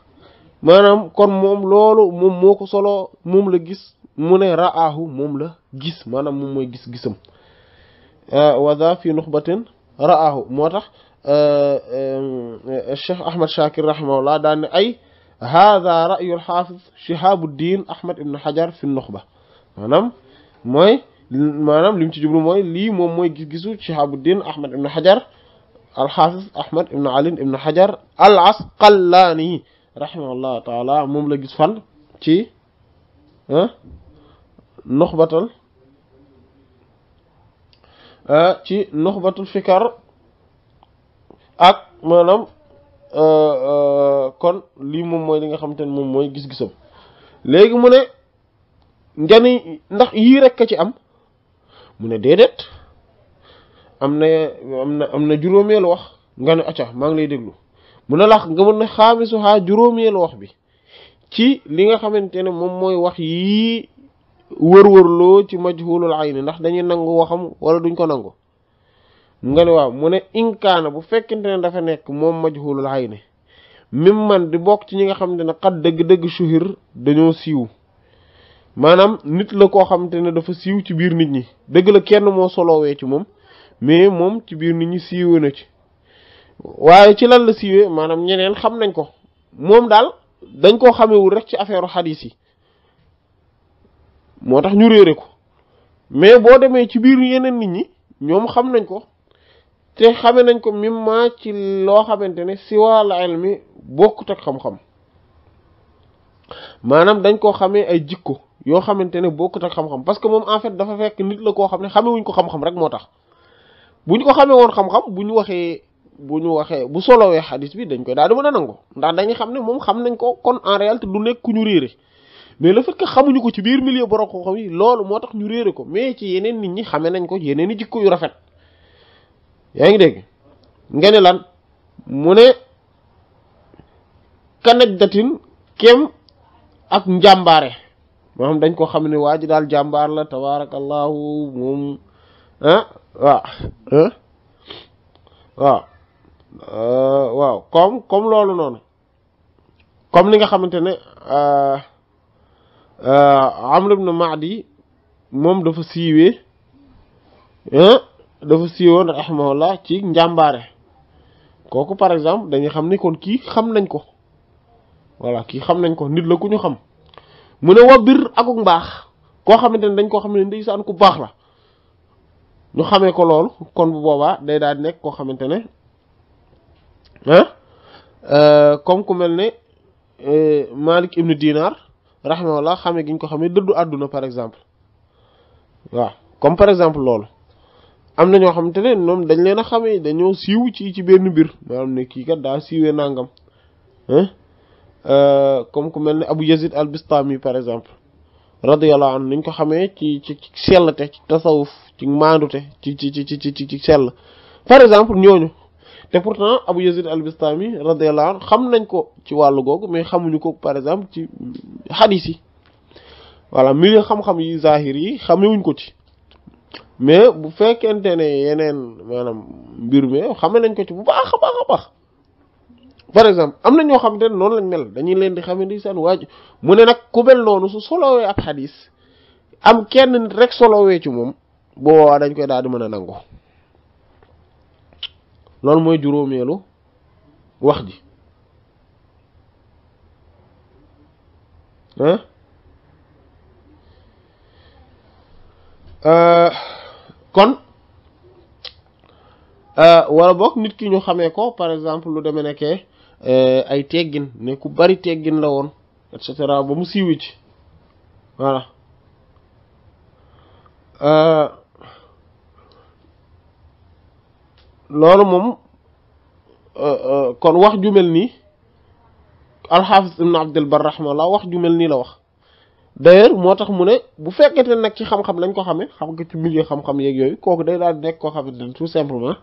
manam kon mom lolu mom moko solo mom la gis mune ra'ahu mom la gis manam mom moy gis-gisam wa za fi nukhbatin ra'ahu moo euh cheikh ahmed shakir rahimahullah daan ne ay hadha ra'yu al-hafiz shihab al-din ahmed ibn hajar fi nukhba manam moy manam lim ci djublu moy li mom moy gis-gisu shihab al-din ahmed ibn hajar al-hafiz ahmed ibn ali ibn hajar al-asqalani rahimahullah taala mom la gis fan ci nuxbatal euh, ci nukhbatul fikar ak euh, euh kon li mom moy li nga xamantene mom moy gis-gisam legi mu ne ngani ndax yi rek ka ci am mu ne dedet amna amna amna juromel wax ngani acca ma ngi lay deglu mu ne lax nga mën ne xaamisu xaa juróomeelu wax bi ci li nga xamante ne moom mooy wax yii wërwërloo ci majhulul ayni ndax dañu nangu waxam wala duñ ko nangu nga ne waaw mu ne inkaana bu fekkente ne dafa nekk moom majhulul ayni mim man di bokk ci ñi nga xamante ne xat dëgg-dëgg shuhir dañoo siiw maanaam nit la koo xamante ne dafa siiw ci biir nit ñi dëgg la kenn moo solowee ci moom mais moom ci biir nit ñi siiwee na ci waaye ci lan la siiwee maanaam ñeneen xam nañ ko moom daal dañ koo xamewul rek ci affaire xadiis yi moo tax ñu réere ko mais boo demee ci biir yeneen nit ñi ñoom xam nañ ko te xame nañ ko mimma ci loo xamante ne siwaal ilmi bokkut ak xam-xam maanaam dañ koo xamee ay jikko yoo xamante ne bokkut ak xam-xam parce que moom en fait dafa fekk nit la koo xam ne xamewuñ ko xam-xam rek moo tax buñ ko xamee xam-xam bu ñu waxee bu ñu waxee bu solowee xadis bi dañ koy daal di mën a nangu ndax dañuy xam ne moom xam nañ ko kon en réalité du nekk ñu réere mais la fait que xamuñu ko ci biir milieu borom xam-xam yi loolu moo tax ñu réere ko mais ci yeneen nit ñi xamee nañ ko yeneen i jikko yu rafet yaa mu ne kanaj datin kem ak njàmbaare maanaam dañ ko xam ne waa ji daal jàmbaar la tabaarakallahu moom ah waaw ah, Euh, waaw comme comme loolu noonu comme ni nga xamante ne am euh, euh, Amr ibn Mahdi moom dafa siiwee dafa siiwoon rahimahullah ci njàmbaare kooku par exemple dañuy xam nekkoon kii xam nañ ko voilà kii xam nañ ko nit la ku ñu xam mu ne wa bir akuk mbaax koo xamante ne dañ koo xam ne saan ku baax la ñu xamee ko loolu kon bu boobaa day daal di nekk koo xamante ne ah comme ku mel ne euh, Malik ibnu Dinar rahimahullah xamee gi ñu ko xamee dëddu àdduna par exemple waaw comme par exemple loolu am na ñoo xamante ne ñoom dañ leen a xamee dañoo siiw ci ci benn mbir maanaam ne kii ka daa siiwee nangam euh, comme ku mel ne Abu Yazid al Bistami par exemple radiyallahu anhu niñ ko xamee ci ci sellte ci tasawuf ci maandute ci ci ci ci ci sell par exemple ñooñu te pourtant Abu Yazid al-Bistami radiyallahu anhu xam nañ ko ci wàllu googu mais xamuñu ko par exemple ci hadith yi voilà milieu xam-xam yi zahir yi wuñ ko ci mais bu fekkente ne yeneen maanaam mbir mi xame nañ ko ci bu baax a baax par exemple am na ñoo xam te noonu lañ mel dañuy leen di xame ni seen waaj mu ne nag ku mel noonu su solowee ak xadis am kenn nit rek solowee ci moom boobaa dañ koy daal di mën a nangu loolu mooy juróomeelu wax ji euh, kon euh, wala boog nit ki ñu xamee ko par exemple lu demee nekkee euh, ay teggin ne ku bari teggin la woon et cetera ba mu siiwi ci voilà loolu moom kon wax ju melni al hafiz ibn abd al bar rahimahullah wax ju melni la wax d'ailleurs motax tax mu ne bu fekkete nag ci xam-xam lañ ko xamé xam nga ci milieu xam-xam yeeg yoy koku day daal nek ko xamé tout simplement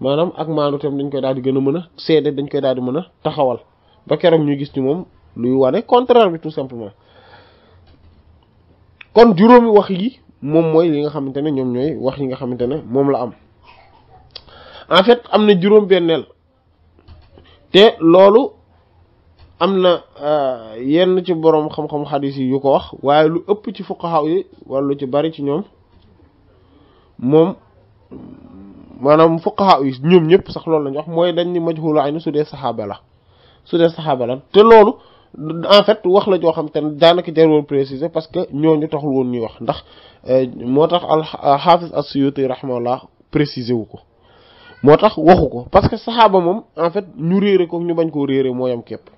manam ak maandu tam dañ koy daal di gëna mëna cédé dañ koy daal di mëna taxawal ba kërëm ñu gis ci mom luy wane contraire bi tout simplement kon juróomi wax yi mom moy li nga xamantene ñom ñoy wax yi nga xamantene mom la am en fait am na juróom-benneel te loolu am na euh, yenn ci boroom xam-xam xadis yi yu ko wax waaye lu ëpp ci fuqaha yi wala lu ci bari ci ñoom moom maanaam fuqaha yi ñoom ñëpp sax loolu lañu wax mooy dañ ni majhul ayni su dee saxaaba la su dee saxaaba te loolu en fait wax la joo xam te ne daanaka jar woon préciser parce que ñooñu taxul woon ñuy wax ndax euh, moo tax al xaafis as-Suyuti rahimahullah préciser wu ko moo tax waxu ko parce que saxaaba moom en fait ñu réere ko ñu bañ koo réere mooy am képp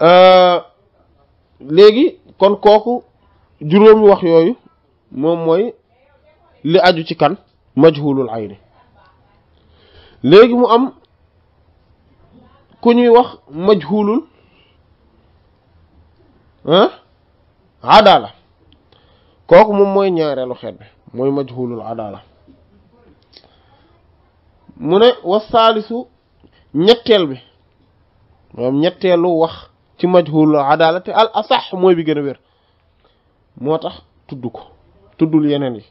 euh, léegi kon kooku juróomi wax yooyu moom mooy li aju ci kan majhulul ayni léegi mu am ku ñuy wax majhulul ah adala kooku moom mooy ñaareelu xeet bi mooy majhulul adala mu ne wasaalisu ñetteel bi moom ñetteelu wax ci majhul adala te al asax mooy bi gën a wér moo tax tudd ko tuddul yeneen yi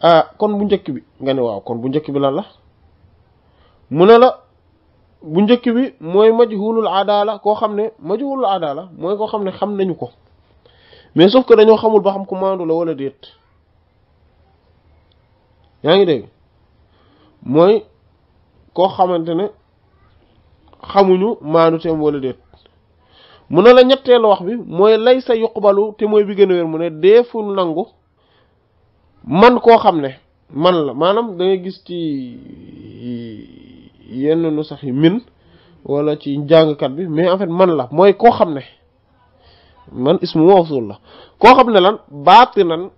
ah kon bu njëkk bi nga ne waaw kon bu njëkk bi la la mu ne la bu njëkk bi mooy majhulul adala koo xam ne majhulul adala mooy koo xam ne xam nañu ko mais sauf que dañoo xamul ba xam ku maandu la wala déet yaa ngi dégg mooy koo xamante ne xamuñu maanu teem wala déet mu ne la ñetteelu wax bi mooy lay sa yuqbalu te mooy bi gën a wér mu ne deefu nangu man koo xam ne man la maanaam da gis ci yenn nu sax yi wala ci jàngkat bi mais en fait man la mooy koo xam ne man ismu mawsul la koo xam ne lan baatinan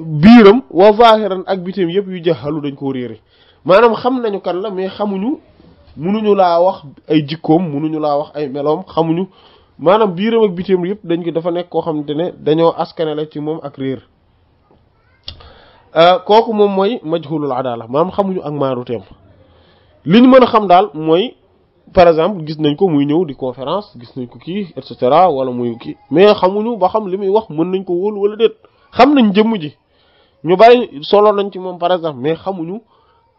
biiram waa zahiran ak bitim yëpp yu jaxalu dañ koo réere maanaam xam nañu kan la mais xamuñu munuñu laa wax ay jikkoom munuñu laa wax ay meloom xamuñu maanaam biiram bitim yëpp dañ ko dafa nekk koo xamante ne dañoo askane la ci moom ak réer euh, kooku moom mooy majhulul adala maanaam xamuñu ak maaruteem liñ mën a xam daal mooy par exemple gis nañ ko muy ñëw di conférence gis nañ ko kii et cetera wala muy kii mais xamuñu ba xam li muy wax mën nañ ko wool wala déet xam nañ jëmm ji ñu bari solo nañ ci mom par exemple mais xamuñu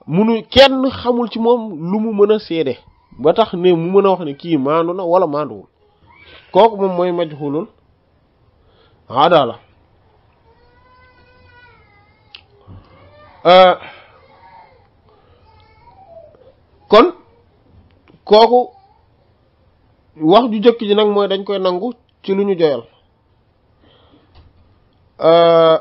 munu kenn xamul ci mom lu mu mëna sédé ba tax né mu mëna wax né ki maandu na wala maanduwul kooku mom moy majhulul adala euh, kon koku wax ju jëk ji nak moy dañ koy nangu ci luñu doyal euh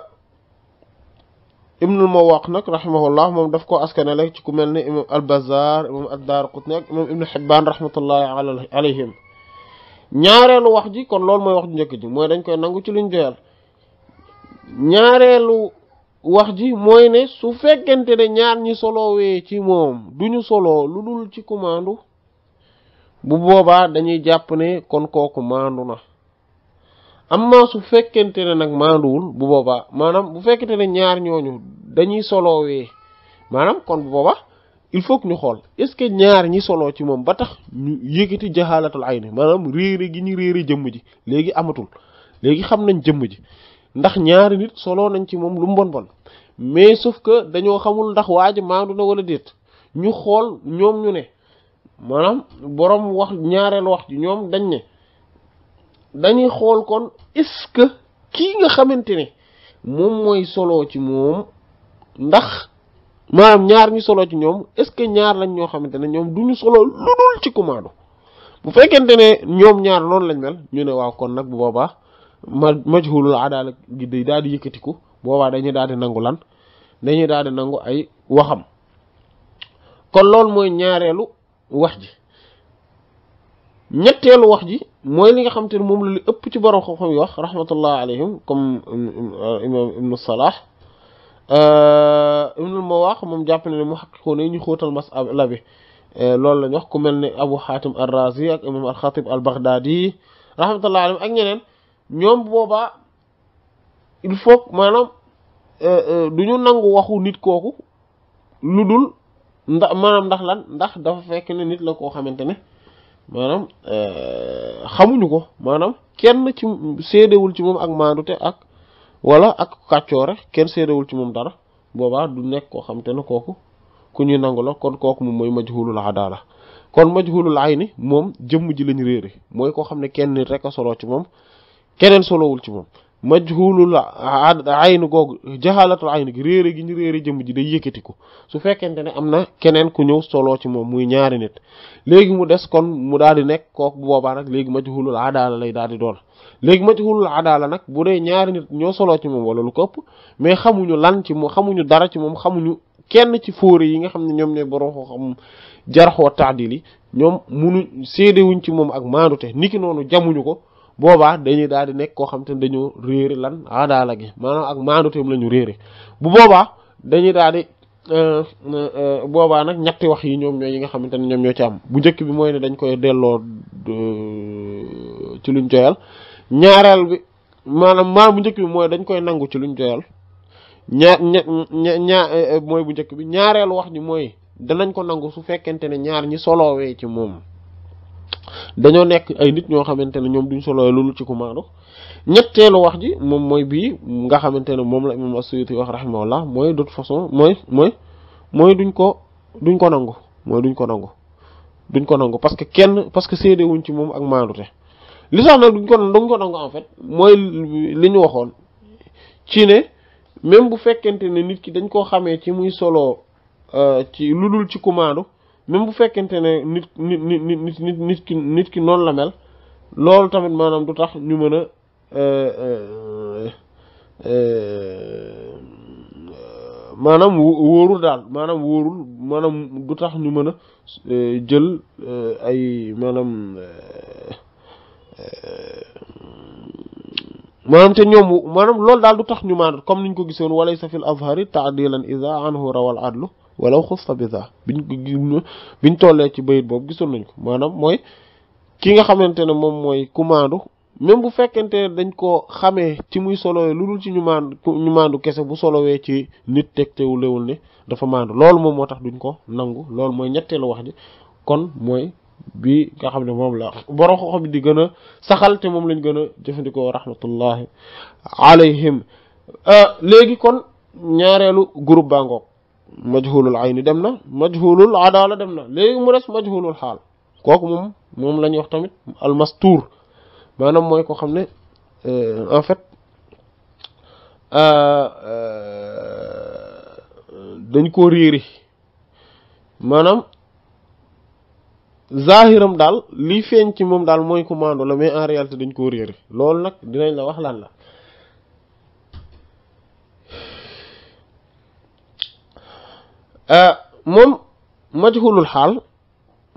ibnul wax nag rahimahullah moom daf koo askanale ci ku mel ni imam al-Bazzar imam ad-Darqutni ak imam ibnu Hibbaan rahmatullahi alayhim ñaareelu wax ji kon lool mooy wax njëkk ji mooy dañ koy nangu ci luñ joyal ñaareelu wax ji mooy ne su fekkente ne ñaar ñi solowee ci moom duñu soloo lu dul ci ku bu boobaa dañuy jàpp ne kon kooku maandu na amma su fekkente ne nag maanduwul bu boobaa maanaam bu fekkente ne ñaar ñooñu dañuy soloowee maanaam kon bu boobaa il faut ñu xool est-ce que ñaar ñi soloo ci moom ba tax ñu yëkkati jaxaalatul ayni maanaam réere gi ñu réere jëmm ji léegi amatul léegi xam nañ jëmm ji ndax ñaari nit soloo nañ ci moom lu mu bon bon mais sauf que dañoo xamul ndax waa ji maandu na wala déet ñu xool ñoom ñu ne maanaam boroom wax ñaareel wax ji ñoom dañ ne dañuy xool kon est-ce que kii nga xamante ne moom mooy soloo ci moom ndax maanaam ñaar ñu solo ci ñoom est-ce que ñaar lañ ñoo xamante ne ñoom du ñu solo lu dul ci kumaadu bu fekkente ne ñoom ñaar noonu lañ mel ñu ne waaw kon nag bu boobaa ma majhulul adaala gi day daal di yëkkatiku boobaa dañuy daal di nangu lan dañuy daal di nangu ay waxam kon loolu mooy ñaareelu wax ji ñettelu wax ji moy li nga xamanteni mom la li ëpp ci borom xam-xam yi wax rahmatullah alayhim comme imam ibn salah euh ibn al mawaq mom jàpp na ne mu xaqiqoo ne ñu xóotal masala bi loolu lañ wax ku melni abu hatim ar razi ak imam al khatib al baghdadi rahmatullah alayhim ak ñeneen ñom boba il faut maanaam du ñu nangu waxu nit koku ludul ndax manam ndax lan ndax dafa fekk ne nit la ko xamantene euh maanaam euh, xamuñu ko maanaam kenn ci séedewul ci moom ak maandute ak wala ak kàccoore kenn séedewul ci moom dara boobaa du nekk koo xam te ne kooku ku ñuy nangu la kon kooku moom mooy majhulul adala kon majhulul ni moom jëmm ji lañ réere mooy koo xam ne kenn nit rek a solo ci moom keneen solowul ci moom majhulul aynu googu jaxalatul aynu gi réere gi ñu réer jëmm ji day yëkkati ko su fekkente ne am na keneen ku ñëw solo ci moom muy ñaari nit léegi mu des kon mu daal di nekk kook bu nag léegi majhulul adaala lay daal di doon léegi majhulul adaala nag bu dee ñaari nit ñoo solo ci moom wala lu ko mais xamuñu lan ci moom xamuñu dara ci moom xamuñu kenn ci fóore yi nga xam ne ñoom ñooy borom ko xam jarxoo taadil yi ñoom munu ci moom ak maandute niki noonu jamuñu ko boobaa dañuy daal di nekk koo xam te ne dañoo réere lan adala gi maanaam ak maanduteem la ñu réere bu boobaa dañuy daal di euh, euh, boobaa nag ñetti wax yi ñoom ñooy yi nga xamante ne ñoom ñoo ci am bu njëkk bi mooy dañ koy delloo euh, ci luñ joyal ñaareel bi maanaam maa bu njëkk bi mooy dañ koy nangu ci luñ joyal ñaar ña mooy bu njëkk bi ñaareelu wax ñi mooy danañ ko nangu su fekkente ne ñaar ñi solowee ci moom dañoo nekk ay nit ñoo xamante ne ñoom duñ solo loolu ci ku maandu ñetteelu wax ji moom mooy bii nga xamante ne moom la imam as-Suyuti wax rahimahullah mooy d'autre façon mooy mooy mooy duñ ko duñ ko nangu mooy duñ ko nangu duñ ko nangu parce que kenn parce que séede wuñ ci moom ak maandute li sax nag duñ ko duñ ko nangu en fait mooy li ñu waxoon ci ne même bu fekkente ne nit ki dañ koo xamee ci muy solo euh, ci lu dul ci ku même bu fekkente ne nit nit nit nit nit ki nit ki noonu la mel loolu tamit maanaam du tax ñu mën a euh, euh, euh, maanaam wóorul daal maanaam wóorul maanaam du tax ñu mën a jël ay maanaam maanaam te ñoom maanaam loolu daal du tax ñu maandat comme niñ ko gisoon walay sa fil azhari taadilan ida anhu rawal adlu walaw xussa bi sax biñ biñ tollee ci bayit boobu gisoon nañ ko maanaam mooy ki nga xamante ne moom mooy kumaandu même bu fekkente ne dañ koo xamee ci muy solowee lu dul ci ñu maandu ñu maandu kese bu solowee ci nit tegtewu léwul ne dafa maandu loolu moom moo tax duñ ko nangu loolu mooy ñetteelu wax ji kon mooy bi nga xam ne moom la borom xoxo bi di gën a saxal te moom lañ gën a jëfandikoo rahmatullahi alayhim euh, léegi kon ñaareelu groupe baa ngoog majhulul ni dem na majhulul adala dem na léegi mu des majhulul xaal kooku moom moom la ñuy wax tamit almastuur maanaam mooy ko xam ne euh, en fait euh, euh, dañ ko réeri maanaam zahiram daal li feeñ ci moom daal mooy ku maandu la mais en réalité dañ koo réeri loolu nag dinañ la wax lan la Euh, moom majhulul xaal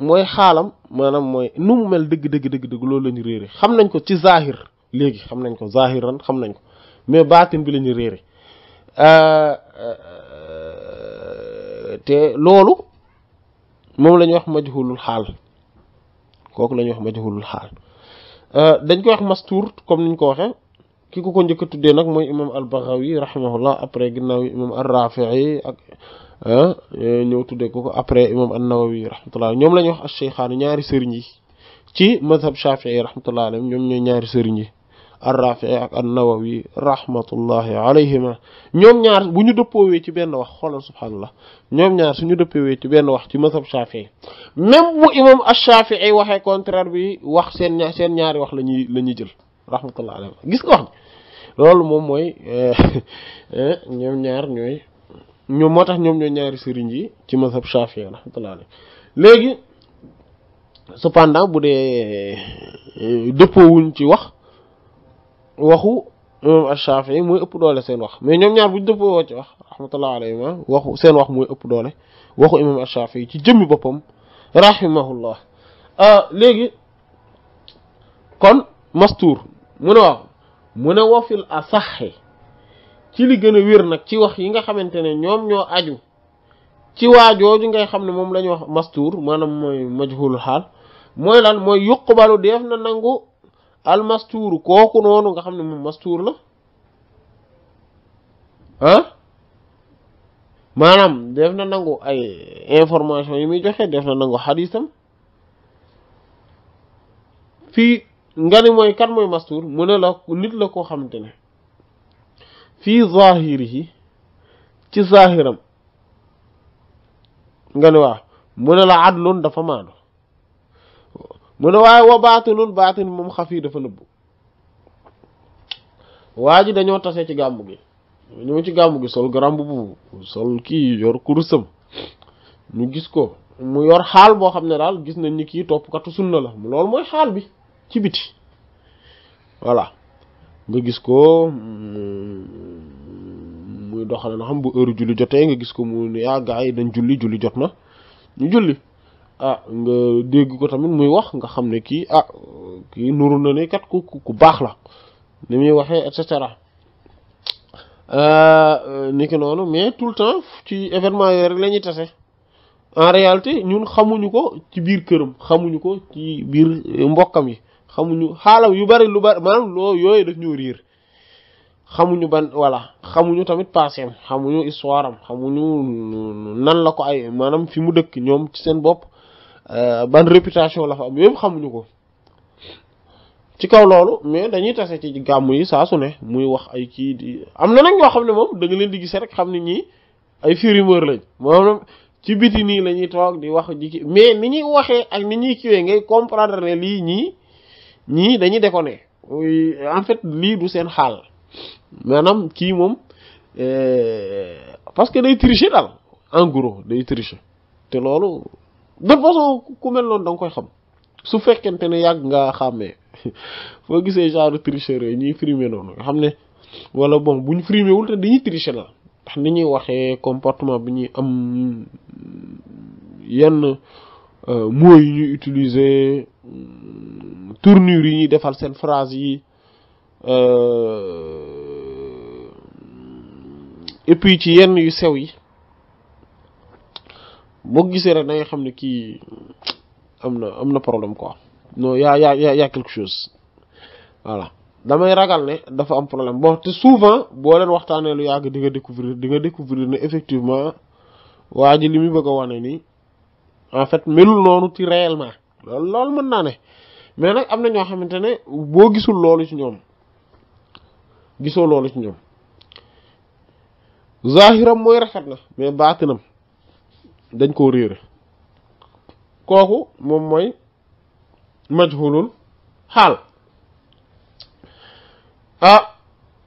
mooy xaalam maanaam mooy nu mu mel dëgg dëgg dëgg dëgg loolu la ñu réere xam nañ ko ci zahir léegi xam nañ ko zahiran xam nañ ko mais baatin bi la réere euh, euh, te loolu moom la ñuy wax majhulul xaal kook la ñuy wax majhulul xaal dañ koy wax mastuur comme niñ ko waxee ki ko ko njëkk tuddee nag mooy imam al-Baghawi rahimahullah après ginnaaw imam ar-Rafi'i ak Ah, eh, ñëw tuddee ko ko après imam an-Nawawi rahmatullah ñoom la ñuy wax ash-shaykhaani ñaari sëriñ ci mazhab Shaafi'i rahmatullah alayhim ñoom ñooy ñaari sëriñ yi ar-Raafi'i ak an-Nawawi rahmatullahi alayhima ñoom ñaar bu ñu dëppoowee ci benn wax xoolal subhaanallah ñoom ñaar suñu dëppoowee ci benn wax ci mazhab Shaafi'i même bu imam ash-Shaafi'i waxee contraire bi wax seen ñaar seen ñaari wax la ñuy la ñuy jël rahmatullah alayhim gis wax loolu moom mooy eh, eh, ñoom ñaar ñooy ñoom moo tax ñoom ñoo ñaari sëriñ yi ci mazhab Shafi'i rahmatullah alayh léegi cependant bu dee euh, dëppoowuñ ci wax waxu imam Ash-Shafi'i mooy ëpp doole seen wax mais ñoom ñaar buñ dëppoowoo ci wax rahmatullah alayhima waxu seen wax mooy ëpp doole waxu imam Ash-Shafi'i ci jëmmi boppam rahimahullah euh, léegi kon mastuur mu ne waaw mu ne wa fil asaxi ci li gën a wér nag ci wax yi nga xamante ne ñoom ñoo aju ci waajooju ngay xam ne moom la ñuy wax mastuur maanaam mooy majhulul xaal mooy lan mooy yuqbalu def na nangu al mastuur kooku noonu nga xam ne moom mastuur la ah maanaam def na nangu ay information yi muy joxe def na nangu xadisam fii nga ni mooy kan mooy mastuur mu ne la nit la koo xamante ne fii zahirihi ci zahiram nga ne mu ne la adlun dafa mu ne waaye wa baatinun baatin moom xafi dafa nëbbu ji dañoo tase ci gàmmu gi ñëw ci gàmmu gi sol garam bu sol kii yor kurusam ñu gis ko mu yor xaal boo xam ne daal gis nañ ni kii toppkatu sunna la loolu mooy xaal bi ci biti voilà nga gis ko mm, muy doxale na xam bu heure julli jotee nga gis ko mu ne yaa ah, gars yi dañ julli julli jot na ñu julli ah nga dégg ko tamit muy wax nga xam ne kii ah kii nuru na ne kat ku ku baax la ni muy waxee et cetera ah, ni ki noonu mais tout le temps ci événement yooyu rek la ñuy tase en réalité ñun xamuñu ko ci biir këram xamuñu ko ci biir mbokkam yi xamuñu xaalam yu bari lu bari maanaam loo yooyu daf ñu riir xamuñu ban voilà xamuñu tamit passé xamuñu histoire am xamuñu nan la ko ay maanaam fi mu dëkk ñoom ci seen bopp euh, ban réputation la fa am yëpp xamuñu ko ci kaw loolu mais dañuy tase ci gàmm yi saa su ne muy wax ay kii di am na nag ñoo xam ne moom da nga leen di gis rek xam ne ñii ay frimeur lañ moom ci biti nii la ñuy toog di wax ji mais ni ñuy waxee ak ni ñuy kiwee ngay comprendre ne lii ñii Ni dañuy déconné en fait lii du seen manam qui mom Kimum euh, parce que day tricher en gros tricher telolo, de façon ku mel non dang koy xam su yag nga xamé fo gissé genre tricheur ni frimer bon buñ frimer wul té dañuy tricher Ny tax ni ñuy comportement bi am yenn euh, tournure yi ñuy defal seen phrase yi euh, et puis ci yenn yu sew yi boo gisee rek da xam ne kii am na am na problème quoi non yaa yaa yaa yaa quelque chose voilà damay ragal ne dafa am problème bon te souvent boo leen waxtaanee lu yàgg di nga découvrir di nga découvrir ne effectivement waa ji li muy bëgg a wane nii en fait melul noonu ci réellement lool loolu mën naa ne mais nag am na ñoo xamante ne boo gisul loolu ci ñoom gisoo loolu ci ñoom zahiram mooy rafet na mais baatinam dañ koo réere kooku moom mooy majhulul xaal ah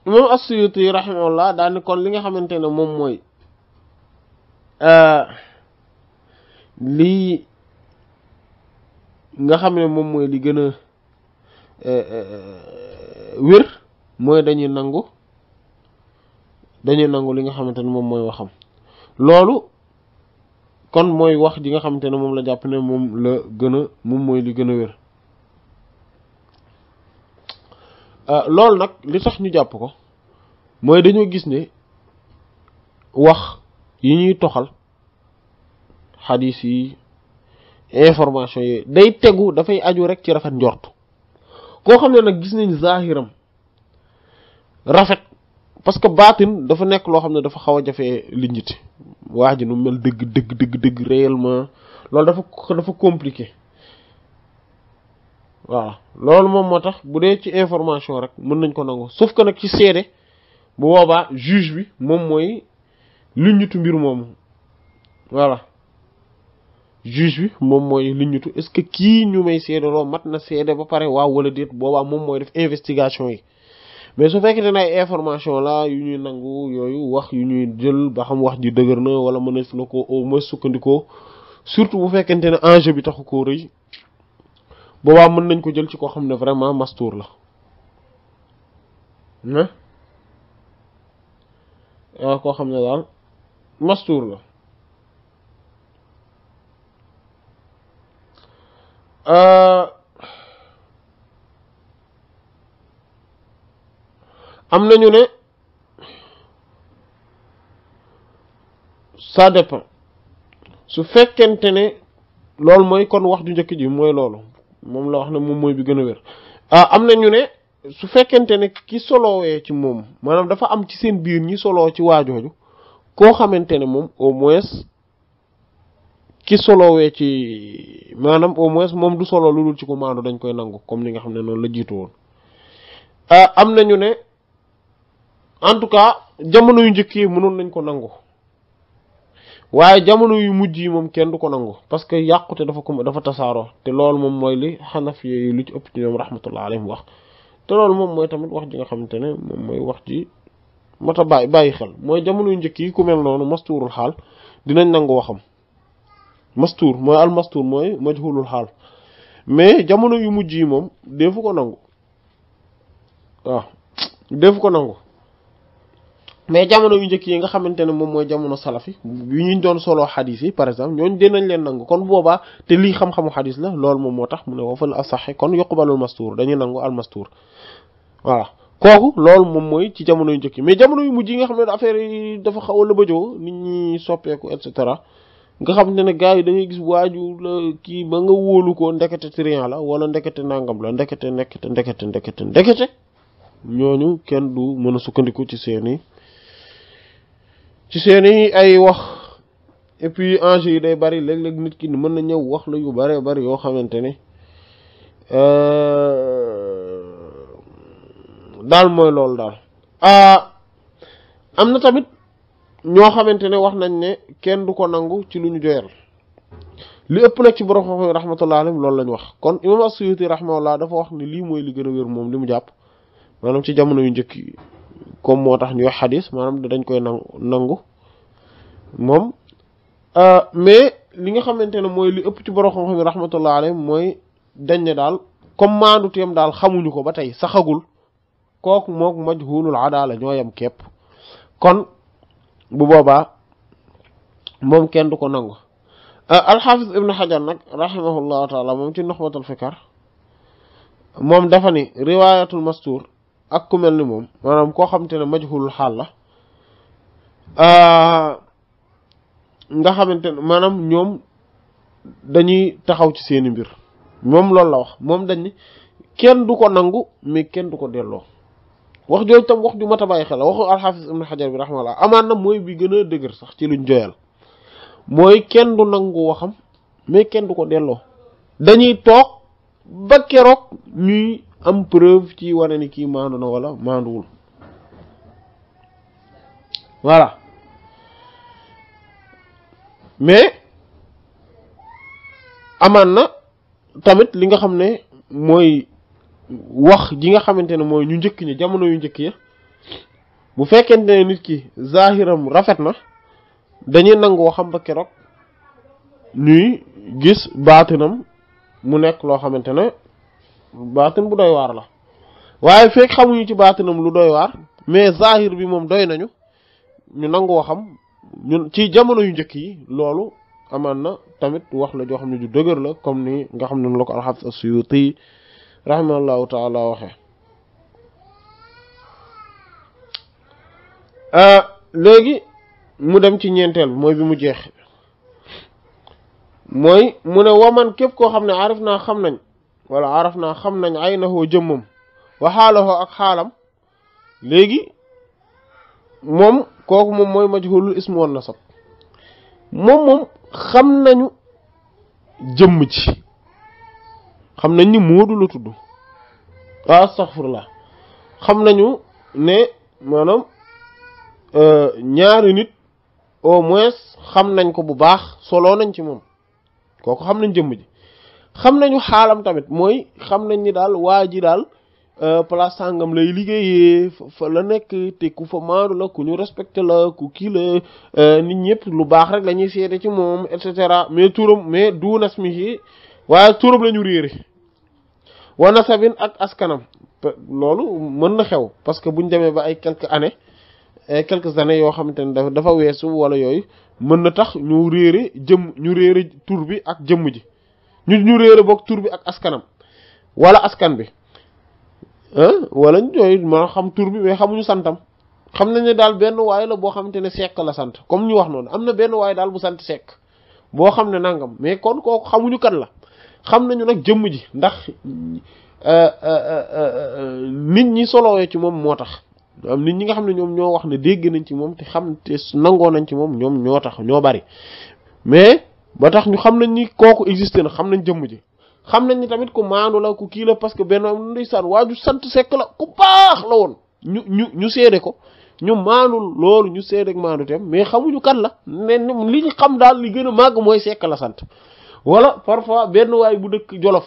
imam as-Suyuti rahimahullah daal ni kon li nga xamante ne moom mooy ah, lii nga xam ne moom mooy li gën a eh, eh, eh, wér mooy dañuy nangu dañuy nangu li nga xamante ne moom mooy waxam loolu kon mooy wax ji nga xamante ne moom la jàpp ne moom la gën a moom mooy li gën a wér ah, loolu nag li tax ñu jàpp ko mooy dañoo gis ne wax yi ñuy toxal xadiis yi information yi day tegu dafay aju rek ci rafet njort koo xam ne nag gis nañ zahiram rafet parce que baatin dafa nekk loo xam ne dafa xaw a jafe linjit waa ji nu mel dëgg dëgg dëgg dëgg réellement loolu dafa dafa compliqué waaw loolu moom moo tax bu dee ci information rek mën nañ ko nangu sauf ko nag ci seede bu boobaa juge bi moom mooy lijjitu mbir moomu voilà juge bi moom mooy li ñutu est-ce que kii ñu may seedaloo mat na seede ba pare waaw wala déet boobaa moom mooy def investigation yi mais su fekkee ne ay information la yu ñuy nangu yooyu wax yu ñuy jël ba xam wax ji dëgër na wala mënees na ko au moins sukkandikoo surtout bu fekkente ne enjeu bi taxu koo rëy boobaa mën nañ ko jël ci koo xam ne vraiment mastour la ah koo xam ne daal mastour la Euh, am na ñu ne ça dépend su fekkente ne loolu mooy kon wax ju njëkk ji mooy loolu moom la wax ne moom mooy bi gën a wér ah am na ñu ne su fekkente ne ki solowee ci moom maanaam dafa am ci seen biir ñi soloo ci waajooju koo xamante ne moom au moins ki we ci manam au moins mom du solo lu dul ci ko mandu dañ koy nangu comme ni nga xamne non la jitu won woon ah, amna ñu ne en tout cas jamono yu jikki mënon nañ ko nangu waye jamono yu mujj mom kenn du ko nangu parce que yàqute dafa ko dafa tasaro te lool mom moy li xanaf yi lu ci upp ci ñom rahmatullah alayhi wax te lool mom moy tamit wax ji nga xamante ne moom mooy wax ji mata bay bàyyi xel moy jamono yu jikki ku mel nonu masturul hal dinañ nangu waxam mastuur mooy al mastuur mooy majhulul xaal mais jamono yu mujj yi moom defu ko nangu waaw defu ko nangu mais jamono yu njëkk yi nga xamante ne moom mooy jamono salafi yu ñu doon solo xadis yi par exemple ñooñu dinañ leen nangu kon boobaa te lii xam-xamu xadis la loolu moom moo tax mu ne wa fal asaxe kon yuqbalul mastuur dañuy nangu al mastuur voilà kooku loolu moom mooy ci jamono yu njëkk yi mais jamono yu mujj yi nga xam ne affaire yi dafa xaw a lëbëjoo nit ñi soppeeku et cetera nga xam ne ne gars yi dañuy gis waaju la kii ba nga wóolu koo ndekete trian la wala ndekete nangam la ndekete ndekete ndekete ndekete ndekete ñooñu kenn du mën a sukkandiku ci seeni ci seeni ay wax et puis enjeu yi day bari léeg-léeg nit ki mën na ñëw wax la yu bare bari yoo xamante ne euh, daal mooy loolu daal ah, am na tamit ñoo xamante ne wax nañ ne kenn du ko nangu ci lu ñu joyal li ëpp nag ci borom xam-xam rahmatullah alayhi loolu la wax kon imam as-Suyuti rahmatullah dafa wax ni lii mooy li gën a wér moom li mu jàpp maanaam ci jamono yu njëkk yi moo tax ñu wax xadis maanaam dañ koy nangu nangu moom euh, mais li nga xamante ne mooy li ëpp ci borom xam-xam rahmatullah mooy dañ ne daal comme maandu teem daal xamuñu ko ba tey saxagul kooku mook majhulul adala ñoo yam képp kon bu boobaa moom kenn du ko nangu euh, alxaafis ibnu xajar nag rahimahullahu taala moom ci nuxbatul fikar moom dafa ni riwaayatul mastuur ak ku mel ni moom maanaam koo xam te ne majhulul xaal la euh, nga xamante ne maanaam ñoom dañuy taxaw ci seeni mbir moom loolu la wax moom dañ kenn du ko nangu mais kenn du ko delloo wax jooju tam wax ju mata a bàyyi xel waxu hafiz ibn hajar bi rahmaallah amaan na mooy bi gën a dëgër sax ci luñ joyal mooy kenn du nangu waxam mais kenn du ko delloo dañuy toog ba keroog ñuy am preuve ci wane ni kii maandu na wala maanduwul voilà mais amaan na tamit li nga xam ne wax ji nga xamante ne mooy ñu njëkk ñi jamono yu njëkk ya bu fekkente ne nit ki zahiram rafet na dañuy nangoo xam ba keroog ñuy gis baatinam mu nekk loo xamante ne baatin bu doy waar la waaye fekk xamuñu ci baatinam lu doy waar mais zahir bi moom doy nañu ñu nangoo xam ñun ci jamono yu njëkk yi loolu amaan na tamit wax la joo xam ne ju dëgër la comme ni nga xam ne la ko alxaafis as-Suyuti raximahullahu taala waxe euh, léegi mu dem ci ñeenteel bi mooy bi mu jeex mooy mu ne waman képp koo xam ne arif naa xam nañ wala araf naa xam nañ ay na xoo jëmmam waxaaloo ak xaalam léegi moom kooku moom mooy majhulul ismu wan nasab moom moom xam nañu jëmm ci xam nañ ni Moodu la tudd la xam nañu ne maanaam euh, ñaari nit au moins xam nañ ko bu baax solo nañ ci moom kooku xam nañ jëmm ji xam nañu xaalam tamit mooy xam nañ ni daal waa ji daal euh, place sàngam lay liggéeyee fa la nekk te ku fa maanu la ku ñu respecté la ku kii la euh, nit ñëpp lu baax rek la ñuy ci moom et cetera mais turam mais duunas mi waaye ak lañu la ñu réere wa nasabin ak askanam loolu mën na xew parce que buñ demee ba ay quelques années ay quelques années yoo xamante ne dafa dafa weesu wala yooyu mën na tax ñu réere jëm ñu réere tur bi ak jëmm ji ñu ñu réere boog tur bi ak askanam wala askan bi wala yooyu ma xam tur bi mais xamuñu santam xam nañ ne daal benn waay la boo xamante ne sekk la sant comme ñu wax noonu am na benn waay daal bu sant sekk boo xam ne nangam mais kon kooku xamuñu kan la xam nañu nag jëmm ji ndax euh, euh, euh, nit ñi solowee ci moom moo tax am nit ñi nga xam ne ñoom ñoo wax ne dégg nañ ci moom te xam nangoo nañ ci moom ñoom ñoo tax ñoo bari mais ba tax ñu xam nañ ni kooku existé na xam nañ jëmm ji xam nañ ni tamit ko maandu la ko kii la parce que benn am ndeysaan waaju sant sekk la ko baax la woon ñu ñu ñu seede ko ñu maandul loolu ñu seede ak maandu teem mais xamuñu kan la ne li xam daal li gën a màgg mooy sekk la sant wala parfois benn waay bu dëkk jolof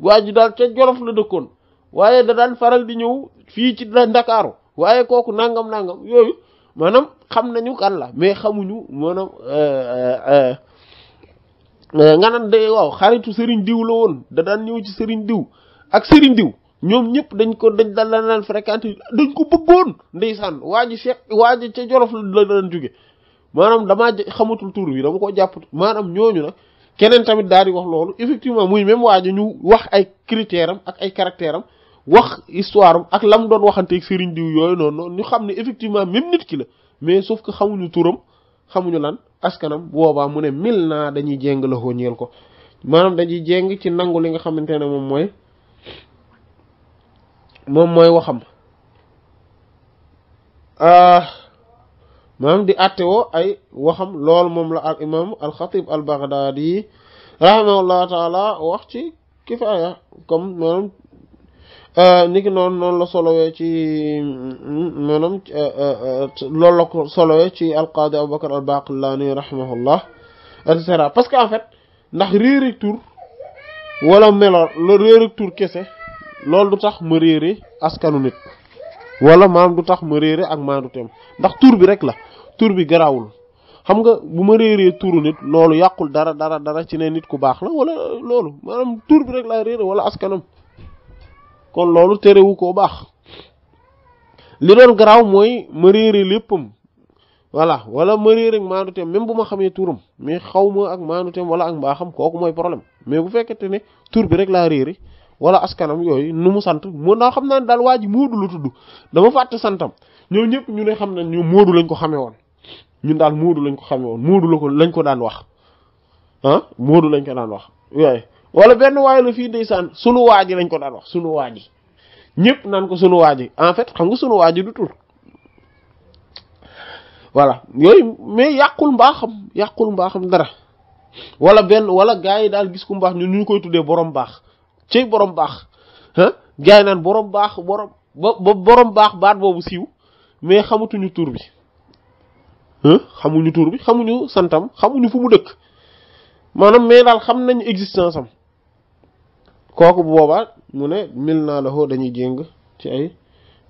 waa ji daal ca jolof la dëkkoon waaye da daan faral di ñëw fii ci ndakaaru waaye kooku nangam nangam yooyu maanaam xam nañu kan la mais xamuñu maanaam euh, euh, euh, nga naan de waaw xaritu sëriñ diw la woon da daan ñëw ci sëriñ diw ak sëriñ diw ñoom ñëpp dañ ko dañ daan daan fréquenté dañ ko bëggoon ndeysaan waa ji seex waa ji ca jolof la daan jóge maanaam damaa xamatul tur bi dama ko jàpp maanaam ñooñu nag keneen tamit daal di wax loolu effectivement muy même waa ji ñu wax ay critères am ak ay caractères am wax histoire ak lam doon waxanteeg sëriñ diw yooyu noonu noonu ñu xam ne effectivement même nit ki la mais sauf que xamuñu turam xamuñu lan askanam boobaa mu ne mil naa dañuy jéng la ko ko maanaam dañuy jéng ci nangu li nga xamante ne moom mooy moom mooy waxam. Ah. maanaam di attewoo ay waxam lool moom la al imam al xatib al baghdadi rahimahullah taala wax ci kifaaya comme maanaam euh, ni ki noonu noonu la solowee ci maanaam euh, euh, loolu la ko solowee ci al qaadi abubakar al baqillani rahimahullah et parce que en fait ndax réeri tur wala meloor la réeri kese loolu du tax ma réeri askanu nit wala maam du tax ma réere ak maandu tem ndax tur bi rek la tur bi grawul xam nga bu ma réeree turu nit loolu yàqul dara dara dara ci ne nit ku baax la wala loolu manam tur bi rek la réere wala askanam kon loolu terewu ko baax li doon graw mooy ma léppam voilà wala ma réere ak maanuteem même bu ma xamee mais ak maanuteem wala ak mbaaxam kooku mooy problème mais bu fekkente ne tur bi rek laa réere wala askanam yooyu nu mu sant moo naa xam naa ne daal waa ji moodu la tudd dama fàtte santam ñoo ñëpp ñu ne xam nañ ñu moodu lañ ko xamee woon ñun daal Moodu lañ ko xame woon Moodu la ko lañ ko daan wax ah Moodu lañ ko daan wax yooyu wala benn waay la fii ndeysaan sunu waa ji lañ ko daan wax sunu waa ji ñëpp naan ko sunu waa ji en fait xam nga sunu waa ji du tur voilà yooyu mais yàqul mbaaxam yàqul mbaaxam dara wala benn wala gars yi daal gis ku mbaax ñun ñu koy tuddee borom baax cey borom baax ah gars yi naan borom baax borom ba borom baax baat boobu siiw mais xamatuñu tur bi. xamuñu tur bi xamuñu santam xamuñu fu mu dëkk maanaam mais daal xam nañu existence am kooku bu boobaa mu ne mil naa la dañuy jéng ci ay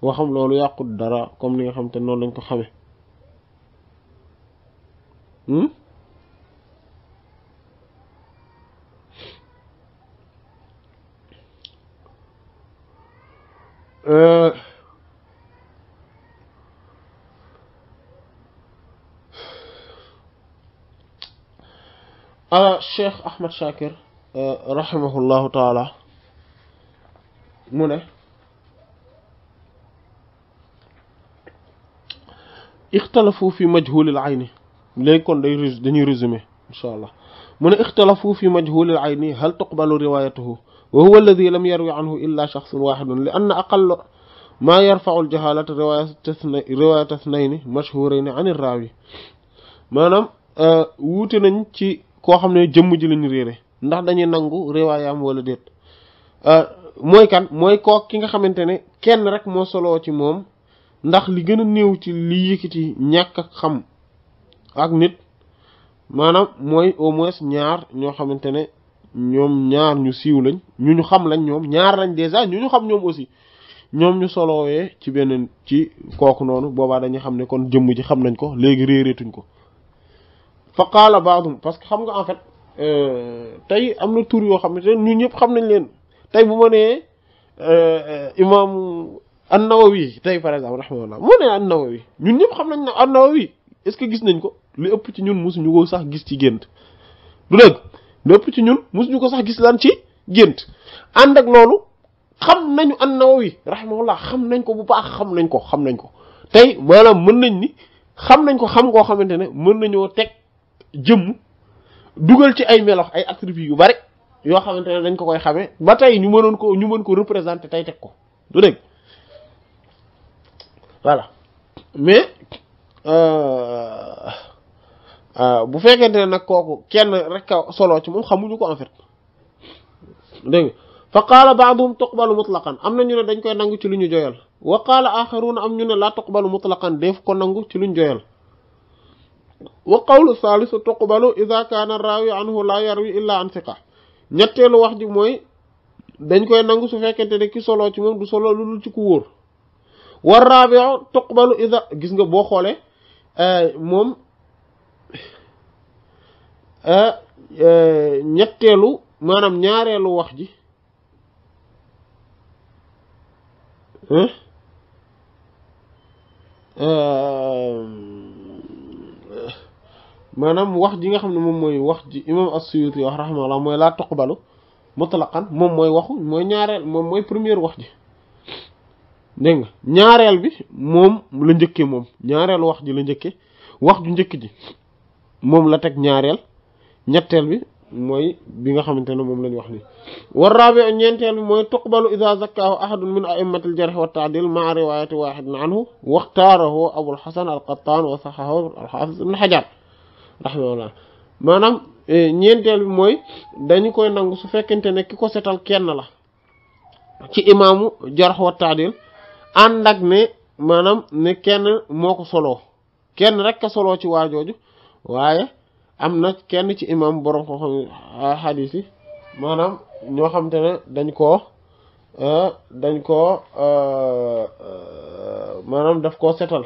waxam loolu yàqut dara comme li nga xam te noonu lañ ko xame hmm? euh آه، الشيخ احمد شاكر آه، رحمه الله تعالى من اختلفوا في مجهول العين ليكون داي داني ان شاء الله من اختلفوا في مجهول العين هل تقبل روايته وهو الذي لم يروي عنه الا شخص واحد لان اقل ما يرفع الجهالة رواية اثنين مشهورين عن الراوي مانام آه، ووتي نانتي koo xam ne jëmm ji lañu réere ndax dañuy nangu riwaayaam wala déet euh, mooy kan mooy koo ki nga xamante ne kenn rek moo soloo ci moom ndax li gën a néew ci li yëkkati ñàkk xam ak nit maanaam mooy au moins ñaar ñoo xamante ne ñoom ñaar ñu siiw lañ ñu ñu xam lañ ñoom ñaar lañ déjà ñu ñu xam ñoom aussi ñoom ñu solowee ci benn ci kooku noonu boobaa dañuy xam ne kon jëmm ji xam nañ ko léegi réereetuñ ko فقال بعضهم باسكو خمغا ان فيت ا تاي امنا تور يو خامي تاي نيت نيب خامن لين تاي بوما ني ا امام النووي تاي فرزا رحمه الله مو ني النووي نيت نيب خامن ن النووي اسكو غيس نانكو لي اوب تي نون موسو نيغو صاح غيس تي غنت دوك لي اوب تي نون موسو نيغو صاح غيس لان تي غنت اندك لولو خم نانيو النووي رحمه الله خم نانكو بو باخ خم نانكو خم نانكو تاي مانام من نني خم نانكو خم كو خامتاني من نانيو تك jëmm dugal ci ay melox ay attributs yu bari yoo xamante ne dañ ko koy xamee ba tey ñu mënoon ko ñu mën ko représenté tey teg ko du dégg voilà mais euh, euh, bu fekkente ne nag kooku kenn rek a solo ci moom xamuñu ko en fait dégg nga fa qaala baaduhum tuqbalu mutlaqan am na ñu ne dañ koy nangu ci lu ñu joyal wa qaala axaruna am ñu ne laa tuqbalu mutlaqan def ko nangu ci lu ñu joyal wa qawlu saalisu tuqbalu ida kaana raawi anhu la yarwi illa an siqa ñetteelu wax ji mooy dañ koy nangu su fekkente ne ki solo ci moom du solo lu dul ci ku wóor war raabio tuqbalu ida gis nga boo xoole eh, moom eh, eh, ñetteelu maanaam ñaareelu wax ji hein manam wax ji nga xamne mom moy wax ji imam as-Suyuti wa rahimahullah moy la taqbalu mutlaqan mom moy waxu moy ñaarel mom moy premier wax ji deng ñaarel bi mom la ñëkke mom ñaarel wax ji la ñëkke wax ju ñëkke ji mom la tek ñaarel ñettel bi moy bi nga xamantene mom lañ wax ni war rabi ñentel moy mooy tuqbalu ida zakkaahu ahadun min a'immatil jarh wa ta'dil ma'a riwayati wahidin anhu waxtaarahu abul hasan al qattan wa sahahu al hafiz ibn hajar rahimahullah maanaam eh, ñeenteel bi mooy dañu koy nangu su fekkente ne ki ko setal kenn la ci imaamu jarh wa taadil ànd ne maanaam ne kenn moo ko soloo kenn rek ka soloo ci waajooju waaye am na kenn ci imaam borom ko xam maanaam ñoo xam ne dañ koo eh, dañ ko eh, maanaam def koo setal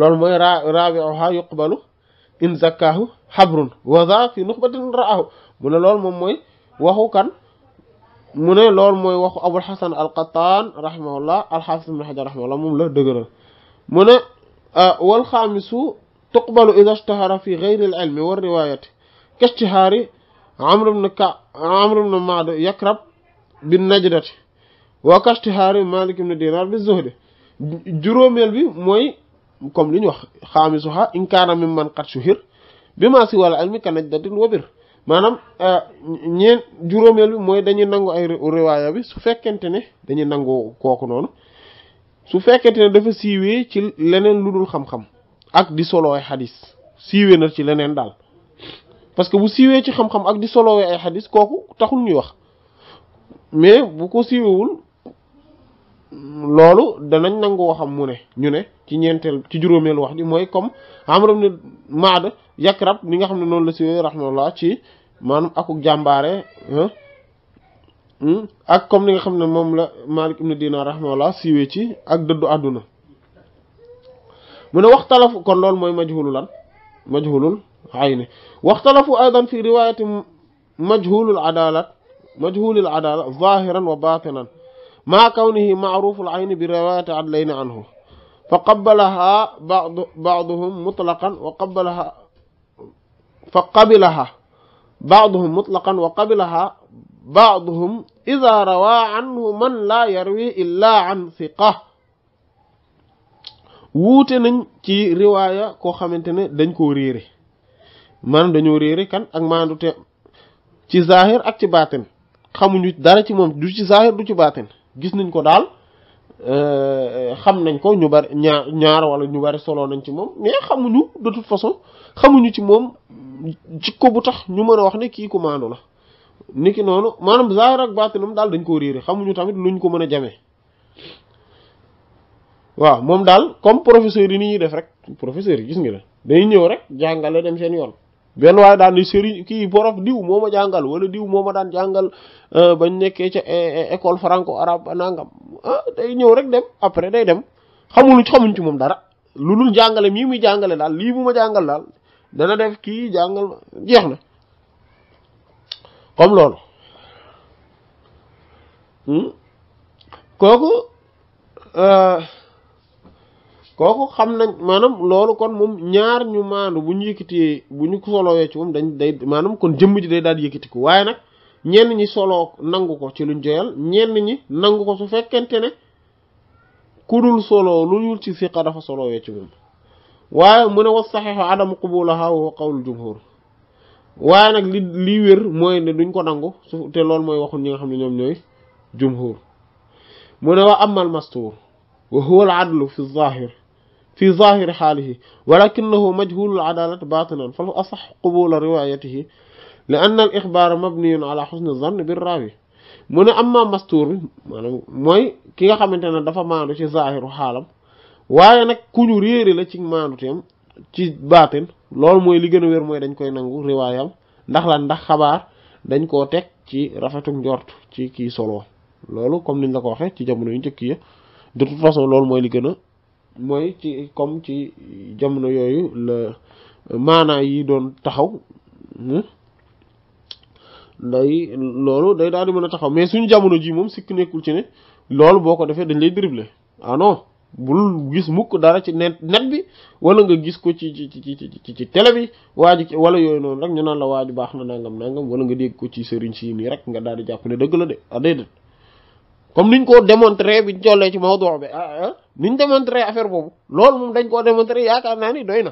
loolu mooy raabiuha yuqbalu in zakkaahu xabrun waza fi nuxbatin raahu mu ne loolu moom mooy waxu kan mu ne loolu mooy waxu abul xasan al qattaan rahimahullah alxaafis ibn xajar rahimahullah moom la dëgëral mu ne wal xaamisu tuqbalu ida ishtahara fi gayri al ilmi wa riwayati kashtihaari amr ibn ka amr ibn maado yakrab bin najdati wa kashtihaari malik ibn dinar bi zuhdi juróomeel bi mooy comme li ñu wax xaamisuha in kaana min man qad shuhir bi maa si wal almi ka najdatin wabir maanaam euh, ñeen juróomeel bi mooy dañuy nangu ay riwaaya bi su fekkente ne dañuy nangu kooku noonu su fekkente ne dafa siiwee ci leneen lu dul xam-xam ak di solo ay xadis siiwee na ci leneen daal parce que bu siiwee ci xam-xam ak di solo ay xadis kooku taxul ñuy wax mais bu ko siiwewul loolu danañ nangoo waxam mu ne ñu ne ci ñeenteel ci juróomeelu wax ji mooy comme Amr ibn Ma'd yakrab ni nga xam ne noonu la siy rahmatullah ci maanaam akuk jàmbaare hmm, ak comme ni nga xam ne moom la Malik ibn Dinar rahmatullah siiwee ci ak dëddu àdduna mu ne waxtalafu kon lool mooy majhulu lan majhulul ayni waxtalafu aydan fi riwayati majhulul adalat majhulul adala zahiran wa batinan maa kawnihi maaruful ayni bi riwaayati adlayni anhu fa qabbalaha badu baaduhum mutlaqan wa qabbalaha fa qabilaha baaduhum mutlaqan wa qabilaha baaduhum ida rawaa anhu man laa yarwi illaa an siqa wuute nañ ci riwaaya koo xamante ne dañ ko réere maanaam dañoo réere kan ak maandu te ci zahir ak ci baatin xamuñu dara ci moom du ci zahir du ci baatin gis nañ ko daal euh, xam nañ ko ñu bari ñaar ñaar wala ñu bari solo nañ ci moom mais xamuñu de toute façon xamuñu ci moom jikko bu tax ñu mën a wax ni kii commando la la ki noonu maanaam zaahir ak baatinam daal dañ koo réere xamuñu tamit lu ñu ko mën a jamee waaw moom daal comme professeur yi ni ñuy def rek professeur yi gis nga la dañuy ñëw rek jàngale dem seen yoon benn waaye daan ni sëriñ kii borof diw moo ma jàngal wala diw moo ma daan jàngal euh, bañ nekkee ca eh, eh, école franco arabe nangam ah, day ñëw rek dem après day dem xamul xamuñ ci moom dara lu dul jàngale mii muy jàngale daal lii mu ma jàngal daal dana def kii jàngal ma jeex na comme loolu hmm? kooku euh, kooku xam nañ maanaam loolu kon moom ñaar ñu maandu bu ñu yëkkatee bu ñu solowee ci moom dañ day maanaam kon jëmm ji day daal yëkkatiku waaye nag ñenn ñi soloo nangu ko ci luñ joyal ñenn ñi nangu ko su fekkente ne ku dul lu ñu ci siqa dafa solowee ci moom waaye mu ne was saxiixu adamu qubulaha wa qawlul jumhur waaye nag li lii mooy ne duñ ko nangu su mooy waxul ñi nga xam ne ñoom ñooy jumhur mu ne wa amal mastuur zahir fi zahiri xaalihi walakinahu majhulul adalati batinan fal asax qubula riwayatihi li anna al ixbaara mabniyun ala xusni zann bir raawi mu ne am amma mastuur bi maanaam mooy ki nga xamante ne dafa maandu ci zahiru xaalam waaye nag ku ñu réere la ci maanduteem ci baatin loolu mooy li gën a wér mooy dañ koy nangu riwaayam ndax lan ndax xabaar dañ koo teg ci rafetu njort ci kii solo loolu comme niñ la ko waxee ci jamono yu njëkk yi de toute loolu mooy li gën a mooy ci comme ci jamono yooyu la euh, maanaa yi doon taxaw hmm? day loolu day daal di mën a taxaw mais suñu jamono ji moom sikk nekkul ci ne loolu boo ko defee dañ lay dribble ah non bul gis mukk dara ci net net bi wala nga gis ko ci ci ci ci télé bi waa ji wala yooyu noonu rek ñu naan la waa baax na nangam nangam wala nga dégg ko ci sëriñ si nii rek nga daal di jàpp ne dëgg la de ah comme niñ ko démontrer bi jollé ci mawdu bi ah, ah niñ démontrer affaire bobu lool moom dañ ko démontrer yaaka naa ni doy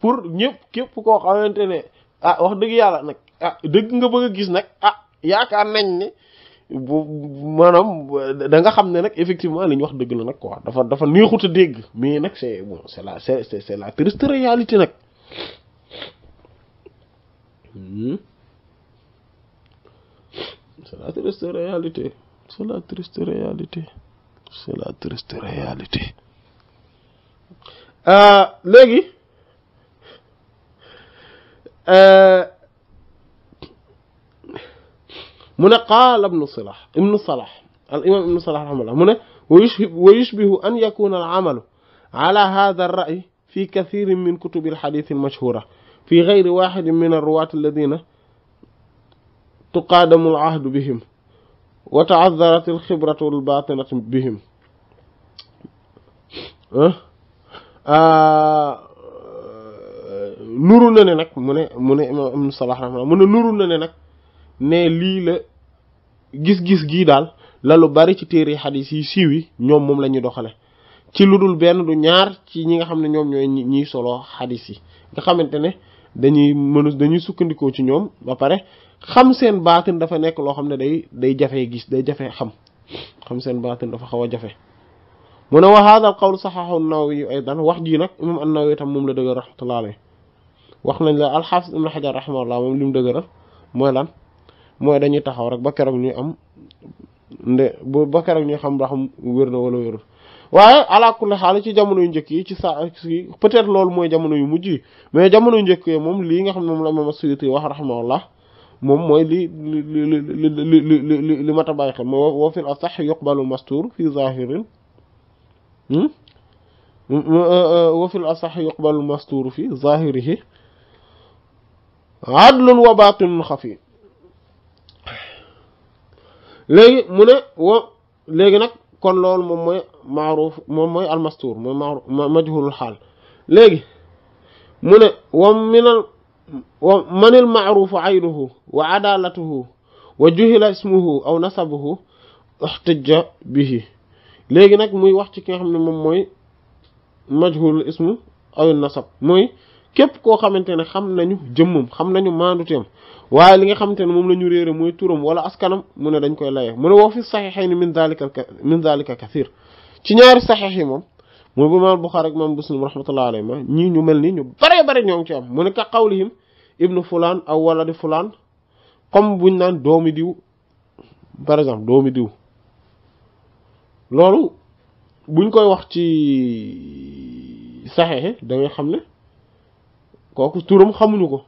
pour ñepp képp ko xamantene ah wax deug yalla nak ah deug nga bëgg gis nak ah yaaka nañ ni manam da nga xam nak effectivement li wax deug la nak quoi dafa dafa neexut a dégg mais nak c'est bon c'est la c'est c'est la triste réalité nak hmm c'est la triste réalité C'est la triste réalité. C'est la triste réalité. Euh, léegi euh, mu ne qaala ibnu salah ibnu salah al imam ibnu salah raximahullah mu ne wa yushbihu an yakuna al amalu ala hada al ra'yi fi kathirin min kutubi al hadith al mashhura fi ghayri wahidin min al ruwaat alladhina tuqadamu al ahdu bihim wa taazzarat al xibratu al baatinatu bihim ah, euh, nuru na ne nag mu ne mu ne imaam ibn Salah rahma mu ne nuru na ne nag ne lii la gis-gis gii daal la lu bari ci téere xadiis yi siiw yi ñoom moom la ñuy doxale ci lu dul benn du ñaar ci ñi nga xam ne ñoom ñooy ñiy solo xadiis yi nga xamante ne dañuy mënu dañuy sukkandikoo ci ñoom ba pare xam seen baatin dafa nekk loo xam ne day day jafee gis day jafee xam xam seen baatin dafa xaw a jafe mu ne wa hada al qawl saxaxu nawawi aydan wax jii nag imam an-nawawi tam moom la dëgër rahmatullah alayh wax nañ la alxaafis ibn xajar rahimahullah moom li mu dëgëral mooy lan mooy dañuy taxaw rek ba keroog ñuy am nde ba keroog ñuy xam ba xam wér na wala wérul waaye ala kulli xaal ci jamono yu njëkk yi ci saa si peut-être loolu mooy jamono yu mujj yi mais jamono yu njëkk yi moom lii nga xam ne moom la imam as-suyuti wax rahimahullah mom moy li li li li li mat a bàyyi xel wa fil asah yuqbalu mastur fi zahirin hmm wa fil asah yuqbalu mastur fi zahirihi adlun wa batinun khafi legi muné wa legi nak kon loolu mom moy ma'ruf mom moy al mastur moy majhulul hal legi muné wa min al ومن المعروف عينه وعدالته وجهل اسمه او نسبه احتج به لغي نك موي واخ كي خامني موي مجهول الاسم او النسب موي كيب كو خامتيني خام نانيو جيمم خام نانيو ماندوتيم وا ليغي خامتيني موم لا نيو ريري موي توروم ولا اسكانم مون داني كوي لاي مون وو في صحيحين من ذلك من ذلك كثير تي نيار صحيحين موم موي بو مال بخاري ومسلم رحمه الله عليهما ني ني ملني ني بري بري نيوم تي مون كا قولهم ابن فلان او ولد فلان كوم بون نان دومي ديو بار اكزامبل دومي ديو لولو بون كوي واخ تي صحيح داغي خامل كوكو تورم خامونو كو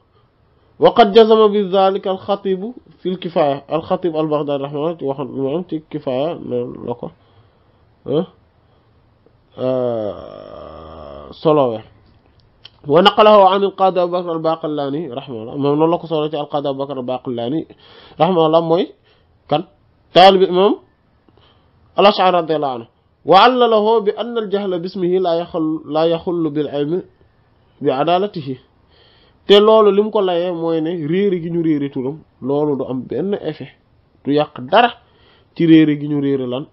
وقد جزم بذلك الخطيب في الكفايه الخطيب البغدادي رحمه الله واخ نون تي كفايه لوكو ها ا سولو wa naqalahu an alqaadi abubakar albaqillani rahimahullah moom noonu la ko solo ci alqaadi abubakar albaqillani rahimahullah mooy kan taalibi imam al ashari radiallahu anhu wa allalahu bi anna aljahla bismihi la yaxul la yaxullu bil ilmi bi adalatihi te ko layee mooy ne réere gi ñu réere turam loolu du am benn effet du yàq dara ci réere gi ñu réere lan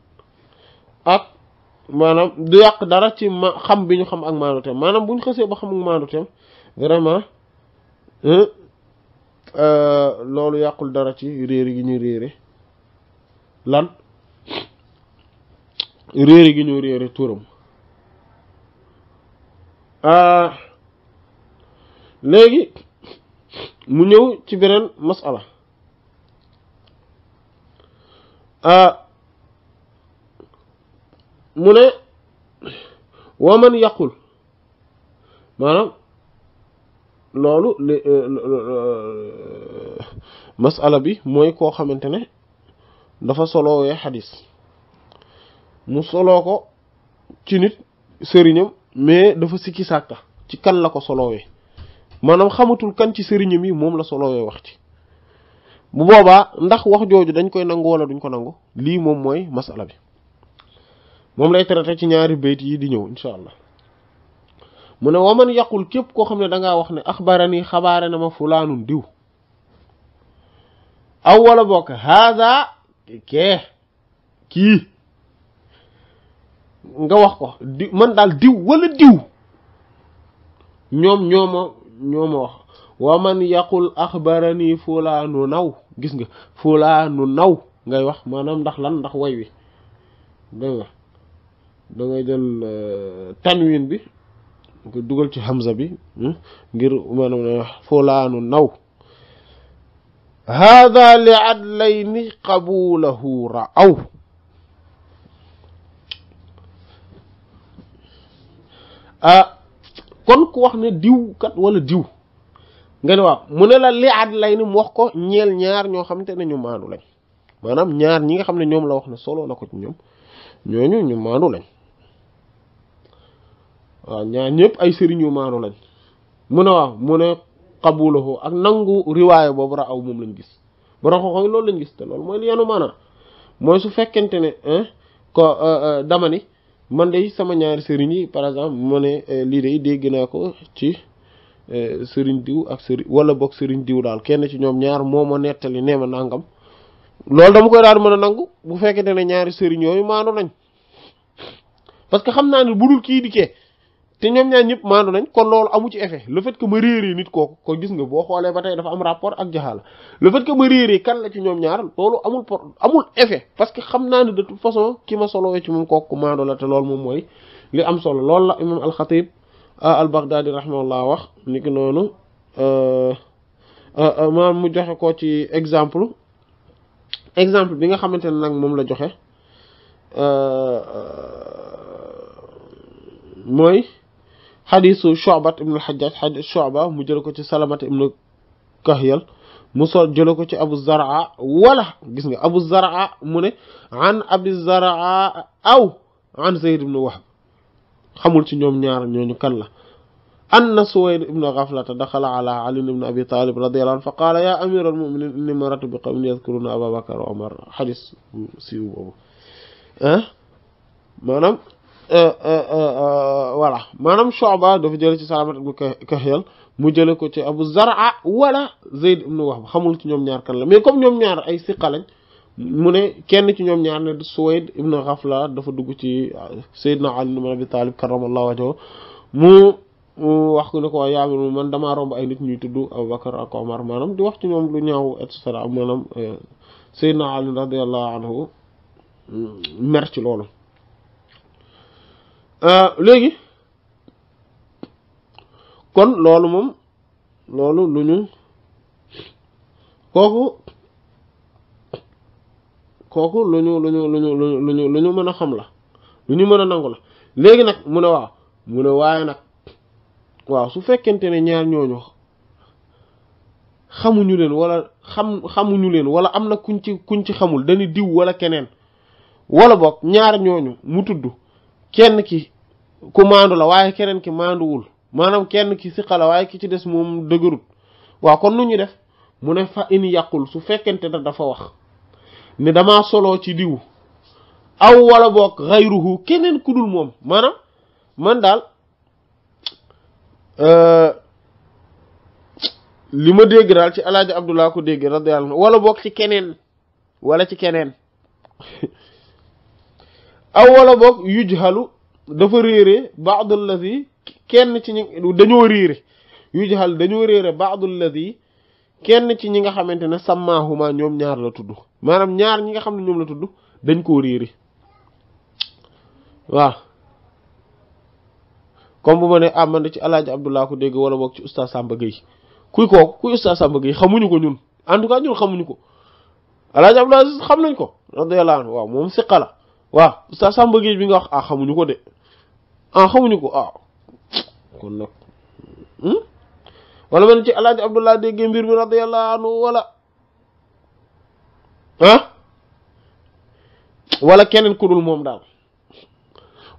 maanaam du yàq dara ci ma xam bi ñu xam ak maanuteem maanaam bu ñu xësee ba xam ak maanuteem vraiment euh, loolu yàqul dara ci réer gi ñu réere lan réer gi ñu réere turam ah, léegi mu ñëw ci beneen masala ah, mu ne man yàqul maanaam loolu li euh, euh, euh, masala bi mooy koo xamante ne dafa solowee xadis mu soloo ko ci nit sëriñam mais dafa siki sàkka ci kan la ko solowee maanaam xamatul kan ci sëriñam yi moom la solowee wax ci bu boobaa ndax wax jooju dañ koy nangu wala duñ ko nangu lii moom mooy masala bi mom lay traité ci ñaari bayt yi di ñew inshallah allah waman yaqul kep ko xamne ne da nga wax ne akhbarani khabarana ma fulanun diw aw bok haza ke ki nga wax ko man dal diw wala diw ñom ñooma ñooma wax waman yaqul akhbarani fulanun naw gis nga fulanun naw ngay wax manam ndax lan ndax way wi da ngay jël euh, tanwin bi nga dugal ci hamza bi hmm, ngir maanaam ne fulaanu naw hada li adlayni qabulahu ra'aw ah kon ku wax ne diw kat wala diw nga ne waaw mu ne la li adlayni mu wax ko ñeel ñaar ñoo xamante ne ñu maandu lañ maanaam ñaar ñi nga xam ne ñoom la wax ne solo na ko ci ñoom ñooñu ñu maandu lañ waaw ñaar ñëpp ay sëriñ yu maanu lañ mu ne waaw mu ne xabulahoo ak nangu riwaaya boobu ra aw moom lañ gis borom xam-xam loolu lañ gis te loolu mooy li mooy su fekkente ne ko euh, euh, dama man de sama ñaari sëriñ yi par exemple mu ne euh, lii de dégg naa ko ci sëriñ diw ak sëriñ wala boog sëriñ diw daal kenn ci ñoom ñaar moo ma nettali nee ma nangam loolu dama koy daal mën a nangu bu fekkente ne ñaari sëriñ yooyu maanu nañ parce que xam naa ne budul kii dikkee te ñoom ñaar ñëpp maandu nañ kon loolu amu ci effet le fait que ma réeree nit ko kon gis nga boo xoolee ba tey dafa am rapport ak jaxaala le fait que ma kan la ci ñoom ñaar loolu amul amul effet parce que xam naa ne de toute façon ki ma solo ci moom kooku maandu la te loolu moom mooy li am solo loolu la imam al-Khatib euh, al-Baghdadi rahimahullah wax ni ki noonu euh, euh, maanaam mu joxe ko ci exemple exemple bi nga xamante ne nag moom la joxe mooy. حديث شعبة ابن الحجاج حديث شعبة مجلوكو تي سلامة ابن كهيل مصر جلوكو تي أبو الزرعة ولا جسمي أبو الزرعة من عن أبو الزرعة أو عن زيد بن وهب خمول تي نيوم نيار نيوني كان أن سويد ابن غفلة دخل على علي بن أبي طالب رضي الله عنه فقال يا أمير المؤمنين إني مرت بقوم يذكرون أبا بكر وعمر حديث سيوبو أه مانام voilà maanaam Shu'ba dafa jël ci salamat ibnu Kahyal mu jël ko ci Abu Zar'a wala Zayd ibn Wahb xamul ci ñom ñaar kan la mais comme ñom ñaar ay siqa lañ mu ne kenn ci ñom ñaar ne Suwayd ibn Ghafla dafa dugg ci sayyidna Ali ibn Abi Talib karramallahu wajho mu wax ko ne ko yaa man dama romb ay nit ñuy tudd Abubakar ak Omar manam di wax ci ñom lu ñaaw et cetera manam sayyidna Ali radiyallahu anhu mer ci lolu Euh, léegi kon loolu moom loolu lu ñu kooku kooku lu ñu lu ñu lu ñu lu ñu lu ñu mën a xam la lu ñu mën a nangu la léegi nag mu ne waaw mu ne waaye nag waaw su fekkente ne ñaar ñooñu xamuñu leen walla xam xamuñu leen wala am na kuñ ci kuñ ci xamul dañu diw wala keneen wala boog ñaar ñooñu mu tudd kenn ki ku maandu la waaye keneen ki maanduwul maanaam kenn ki siqa la waaye ki ci des moom dëgërut waa kon nu ñu def mu ne fa in yàqul su fekkente ne dafa wax ne dama solo ci diw aw wala boog xayruhu keneen ku moom maanaam man daal euh, li ma dégg daal ci alaaji abdullah ko dégg radiyallahu wala boog ci keneen wala ci keneen aw wala boog yujhalu dafa réere baadu alladi kenn ci ñi dañoo réere yujhal dañoo réere baadu alladi kenn ci ñi nga xamante ne sàmmaahumaa ñoom ñaar la tudd maanaam ñaar ñi nga xam ne ñoom la tudd dañ koo réere waaw kom bu ma ne ah man de ci alaaji abdullah ko dégg wala boog ci oustaz Samba Gueye kuy kooku kuy oustaz Samba Gueye xamuñu ko ñun en tout cas ñun xamuñu ko alaaji abdullah xam nañ ko radiyallahu waaw moom siqa waaw sa sàmba géej bi nga wax ah xamuñu ko de ah xamuñu ko ah, ah kon nag hmm? wala man ci alaaji abdullah déggee mbir bi radiallahu anhu wala ah wala keneen ku dul moom daal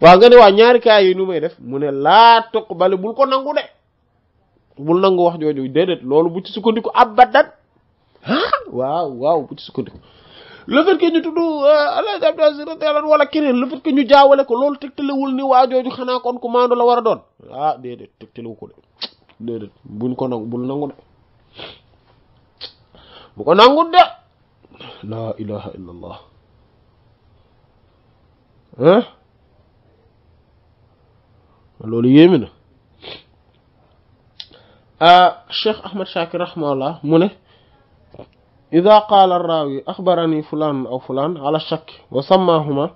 waaw nga ne waa ñaari kaay yi nu may def mu ne laa tuqbal bul ko nangu de bul nangu wax jooju déedéet loolu bu ci sukkandiku abadan ah waaw waaw bu ci sukkandiku le fait que ñu euh, wala keneen le fait ñu jaawale ko loolu tegtalewul ni waa jooju xanaa kon ku maandu la war a doon ah déedéet tegtalewu ko de déedéet buñ ko nangu bu ko nangu de laa ilaha illallah ah loolu yéeme ah Cheikh Ahmed Shakir rahmaullah mu ne إذا قال الراوي أخبرني فلان أو فلان على الشك وسماهما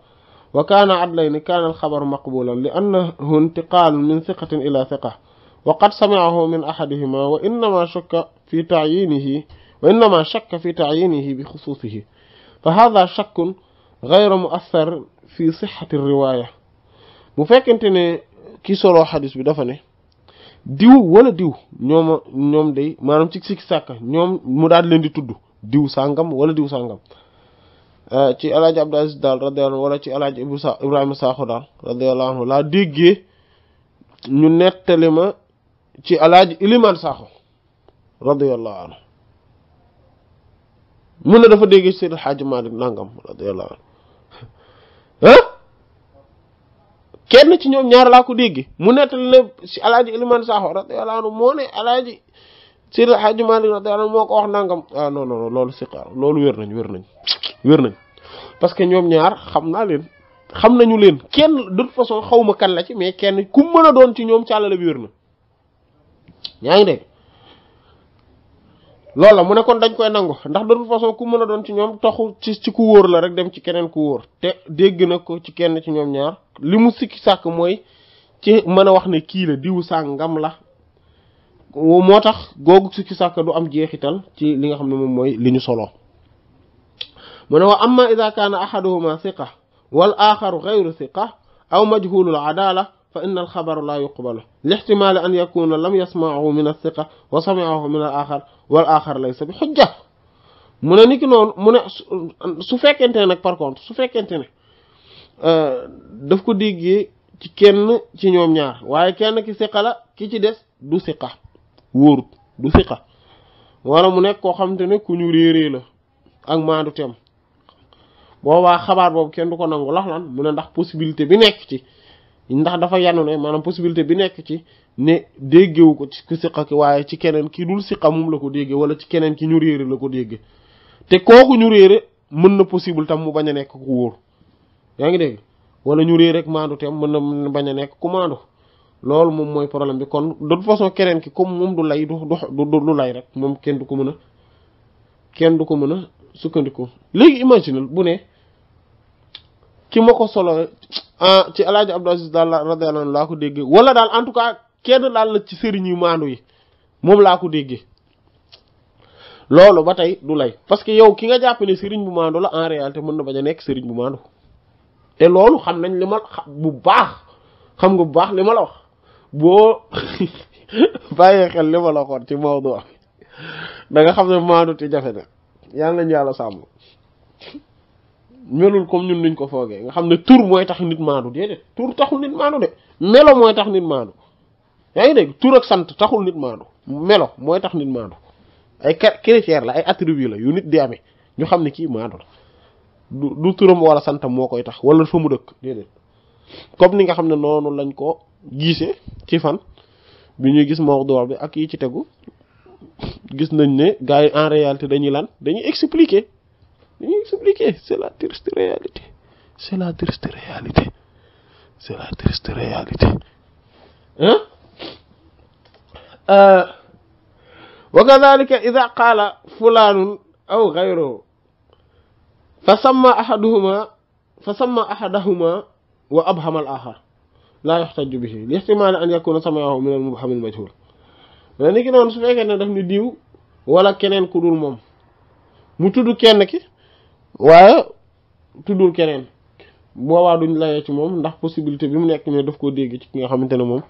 وكان عدلين كان الخبر مقبولا لأنه انتقال من ثقة إلى ثقة وقد سمعه من أحدهما وإنما شك في تعيينه وإنما شك في تعيينه بخصوصه فهذا شك غير مؤثر في صحة الرواية bu انتني كي صلو حديث بدفنه ديو ولا ديو نيوم نيوم دي ما نمتك سيك ساكا نيوم sikki sàkk ñoom diw sàngam wala diw sàngam eh, ci El Hadj Abdou Aziz daal radiyallahu anhu wala ci El Hadj Ibrahima Sakho daal radiyallahu laa déggee ñu nettali ma ci El Hadj Iliman Sakho radiyallahu anhu mun na dafa déggee ci Seydi Hadji nangam radiyallahu anhu ah kenn ci ñoom ñaar laa ko déggee mu nettali ne ci El Hadj Iliman Sakho radiyallahu anhu moo ne El si El Hadji Malick moo ko wax nangam ah non non loolu si xaar loolu wér nañ wér nañ wér nañ parce que ñoom ñaar xam naa leen xam nañu leen kenn de façon xaw kan la ci mais kenn ku mën a doon ci ñoom càllale bi wér na ñaa ngi dégg loolu la mu ne dañ koy nangu ndax de toute ku mën a doon ci ñoom taxu ci ci ku wóor la rek dem ci keneen ku wóor te dégg na ko ci kenn ci ñoom ñaar li mu sikki sàkk mooy ci mën a wax ne kii la diwu ngam la moo tax googu sikki sàkk du am jeexital ci li nga xam ne moom mooy li ñu solo mu ne wa amma ida kaana ahaduhuma siqa wal axaru gayru siqa aw majhulu l adala fa inna al xabara laa yuqbalu lixtimaali an yakuna lam yasmaahu min alsiqa wa samiahu min al axar wal axar laysa bi xujja mu ne niki noonu mu ne su fekkente ne nag par contre su fekkente ne daf ko déggee ci kenn ci ñoom ñaar waaye kenn ki siqa la ki ci des du siqa wóorut du siqa wala mu nekk koo xamante ne ku ñu réeree la ak maadu tem boobaa xabaar boobu kenn du ko nangu lax lan mu ne ndax possibilité bi nekk ci ndax dafa yanu ne maanaam possibilité bi nekk ci ne déggewu ko ci ku siqa ki waaye ci keneen ki dul siqa moom la ko dégge wala ci keneen ki ñu réere la ko dégge te kooku ñu réere mën na possible tam mu bañ a nekk ku wóor yaa ngi dégg walla ñu réer rek maandu tem mën na bañ a nekk ku maandu loolu moom mooy problème bi kon de toute façon keneen ki comme moom du lay du du du lay rek moom kenn du ko mën a kenn du ko mën a sukkandiku léegi imaginal bu ne ki ma ko solo ci alaaji Abdou Aziz daal radiyallahu anhu laa ko déggee wala daal en tout cas kenn daal la ci sëriñ yu maandu yi moom laa ko déggee loolu ba tey du lay parce que yow ki nga jàpp ne sëriñ bu maandu la en réalité mën na bañ a nekk sëriñ bu maandu te loolu xam nañ li ma bu baax xam nga bu baax li ma la wax. boo bàyyee xel li ma la xoon ci mawdu am da xam ne maandu ti jafe na yàlla nañu yàlla sàmm melul comme ñun niñ ko foogee nga xam ne tur mooy tax nit maandu déedéet taxul nit maandu de melo mooy tax nit maandu yaa ngi dégg tur ak sant taxul nit maandu melo mooy tax nit maandu ay critère la ay attribut la yu nit di ame ñu xam ne kii maandu la du turam wala santam moo koy tax wala fa mu dëkk comme ni nga xam ne noonu lañ ko gisee ci fan bi ñuy gis mawdu' bi ak yi ci tegu gis nañ ne gars yi en réalité dañuy lan dañuy expliquer dañuy expliquer c'est la triste réalité c'est la triste réalité c'est la triste réalité ah wa kadhalika aw ghayruhu fa samma ahaduhuma fa samma ahadahuma waa wa abhamal axar laa yaxtaju bihi li ihtimaali an yakuna samaahu minal mubhamil majhul mais ni ki noonu su fekkee ne daf ni diw wala keneen ku dul moom mu tudd kenn ki waaye tuddul keneen boobaa duñ layee ci moom ndax possibilité bi mu nekk ne daf koo dégg ci ki nga xamante ne moom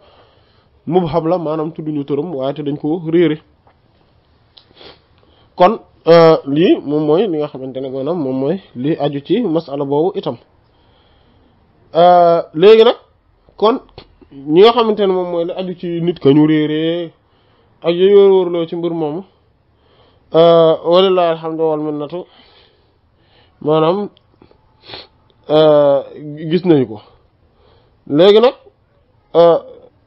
mubham la maanaam tudduñu turam waaye te dañ koo réere kon euh, lii moom mooy li nga xamante ne maanaam moom mooy li aju ci masala boobu itam léegi nag kon ñi nga xamante ne moom mooy la aju ci nit ka ñu réeree ak yooyu wóor-wóorloo ci mbir moomu walillahi alhamdu wal minnatu maanaam gis nañu ko léegi nag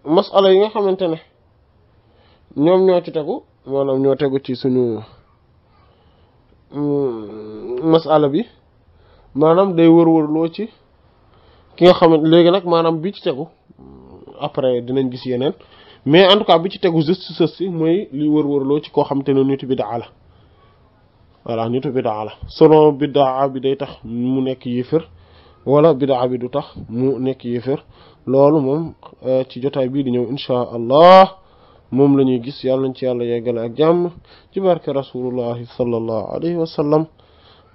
masala yi nga xamante ne ñoom ñoo ci tegu maanaam ñoo tegu ci suñu masala bi maanaam day wër-wër loo ci ki nga xam léegi nag maanaam bi ci tegu après dinañ gis yeneen mais en tout cas bi ci tegu juste ceci mooy li wër-wërloo ci koo xamante ne nitu bidaa la voilà nitu bidaa la selon bidaa bi day tax mu nekk yéefar wala bidaa bi du tax mu nekk yéefar loolu moom euh, ci jotaay bii di ñëw inchaa allah moom la ñuy gis yàlla nañ ci yàlla yeggale ak jàmm ci barke rasulullahi sallallahu alayhi wa sallam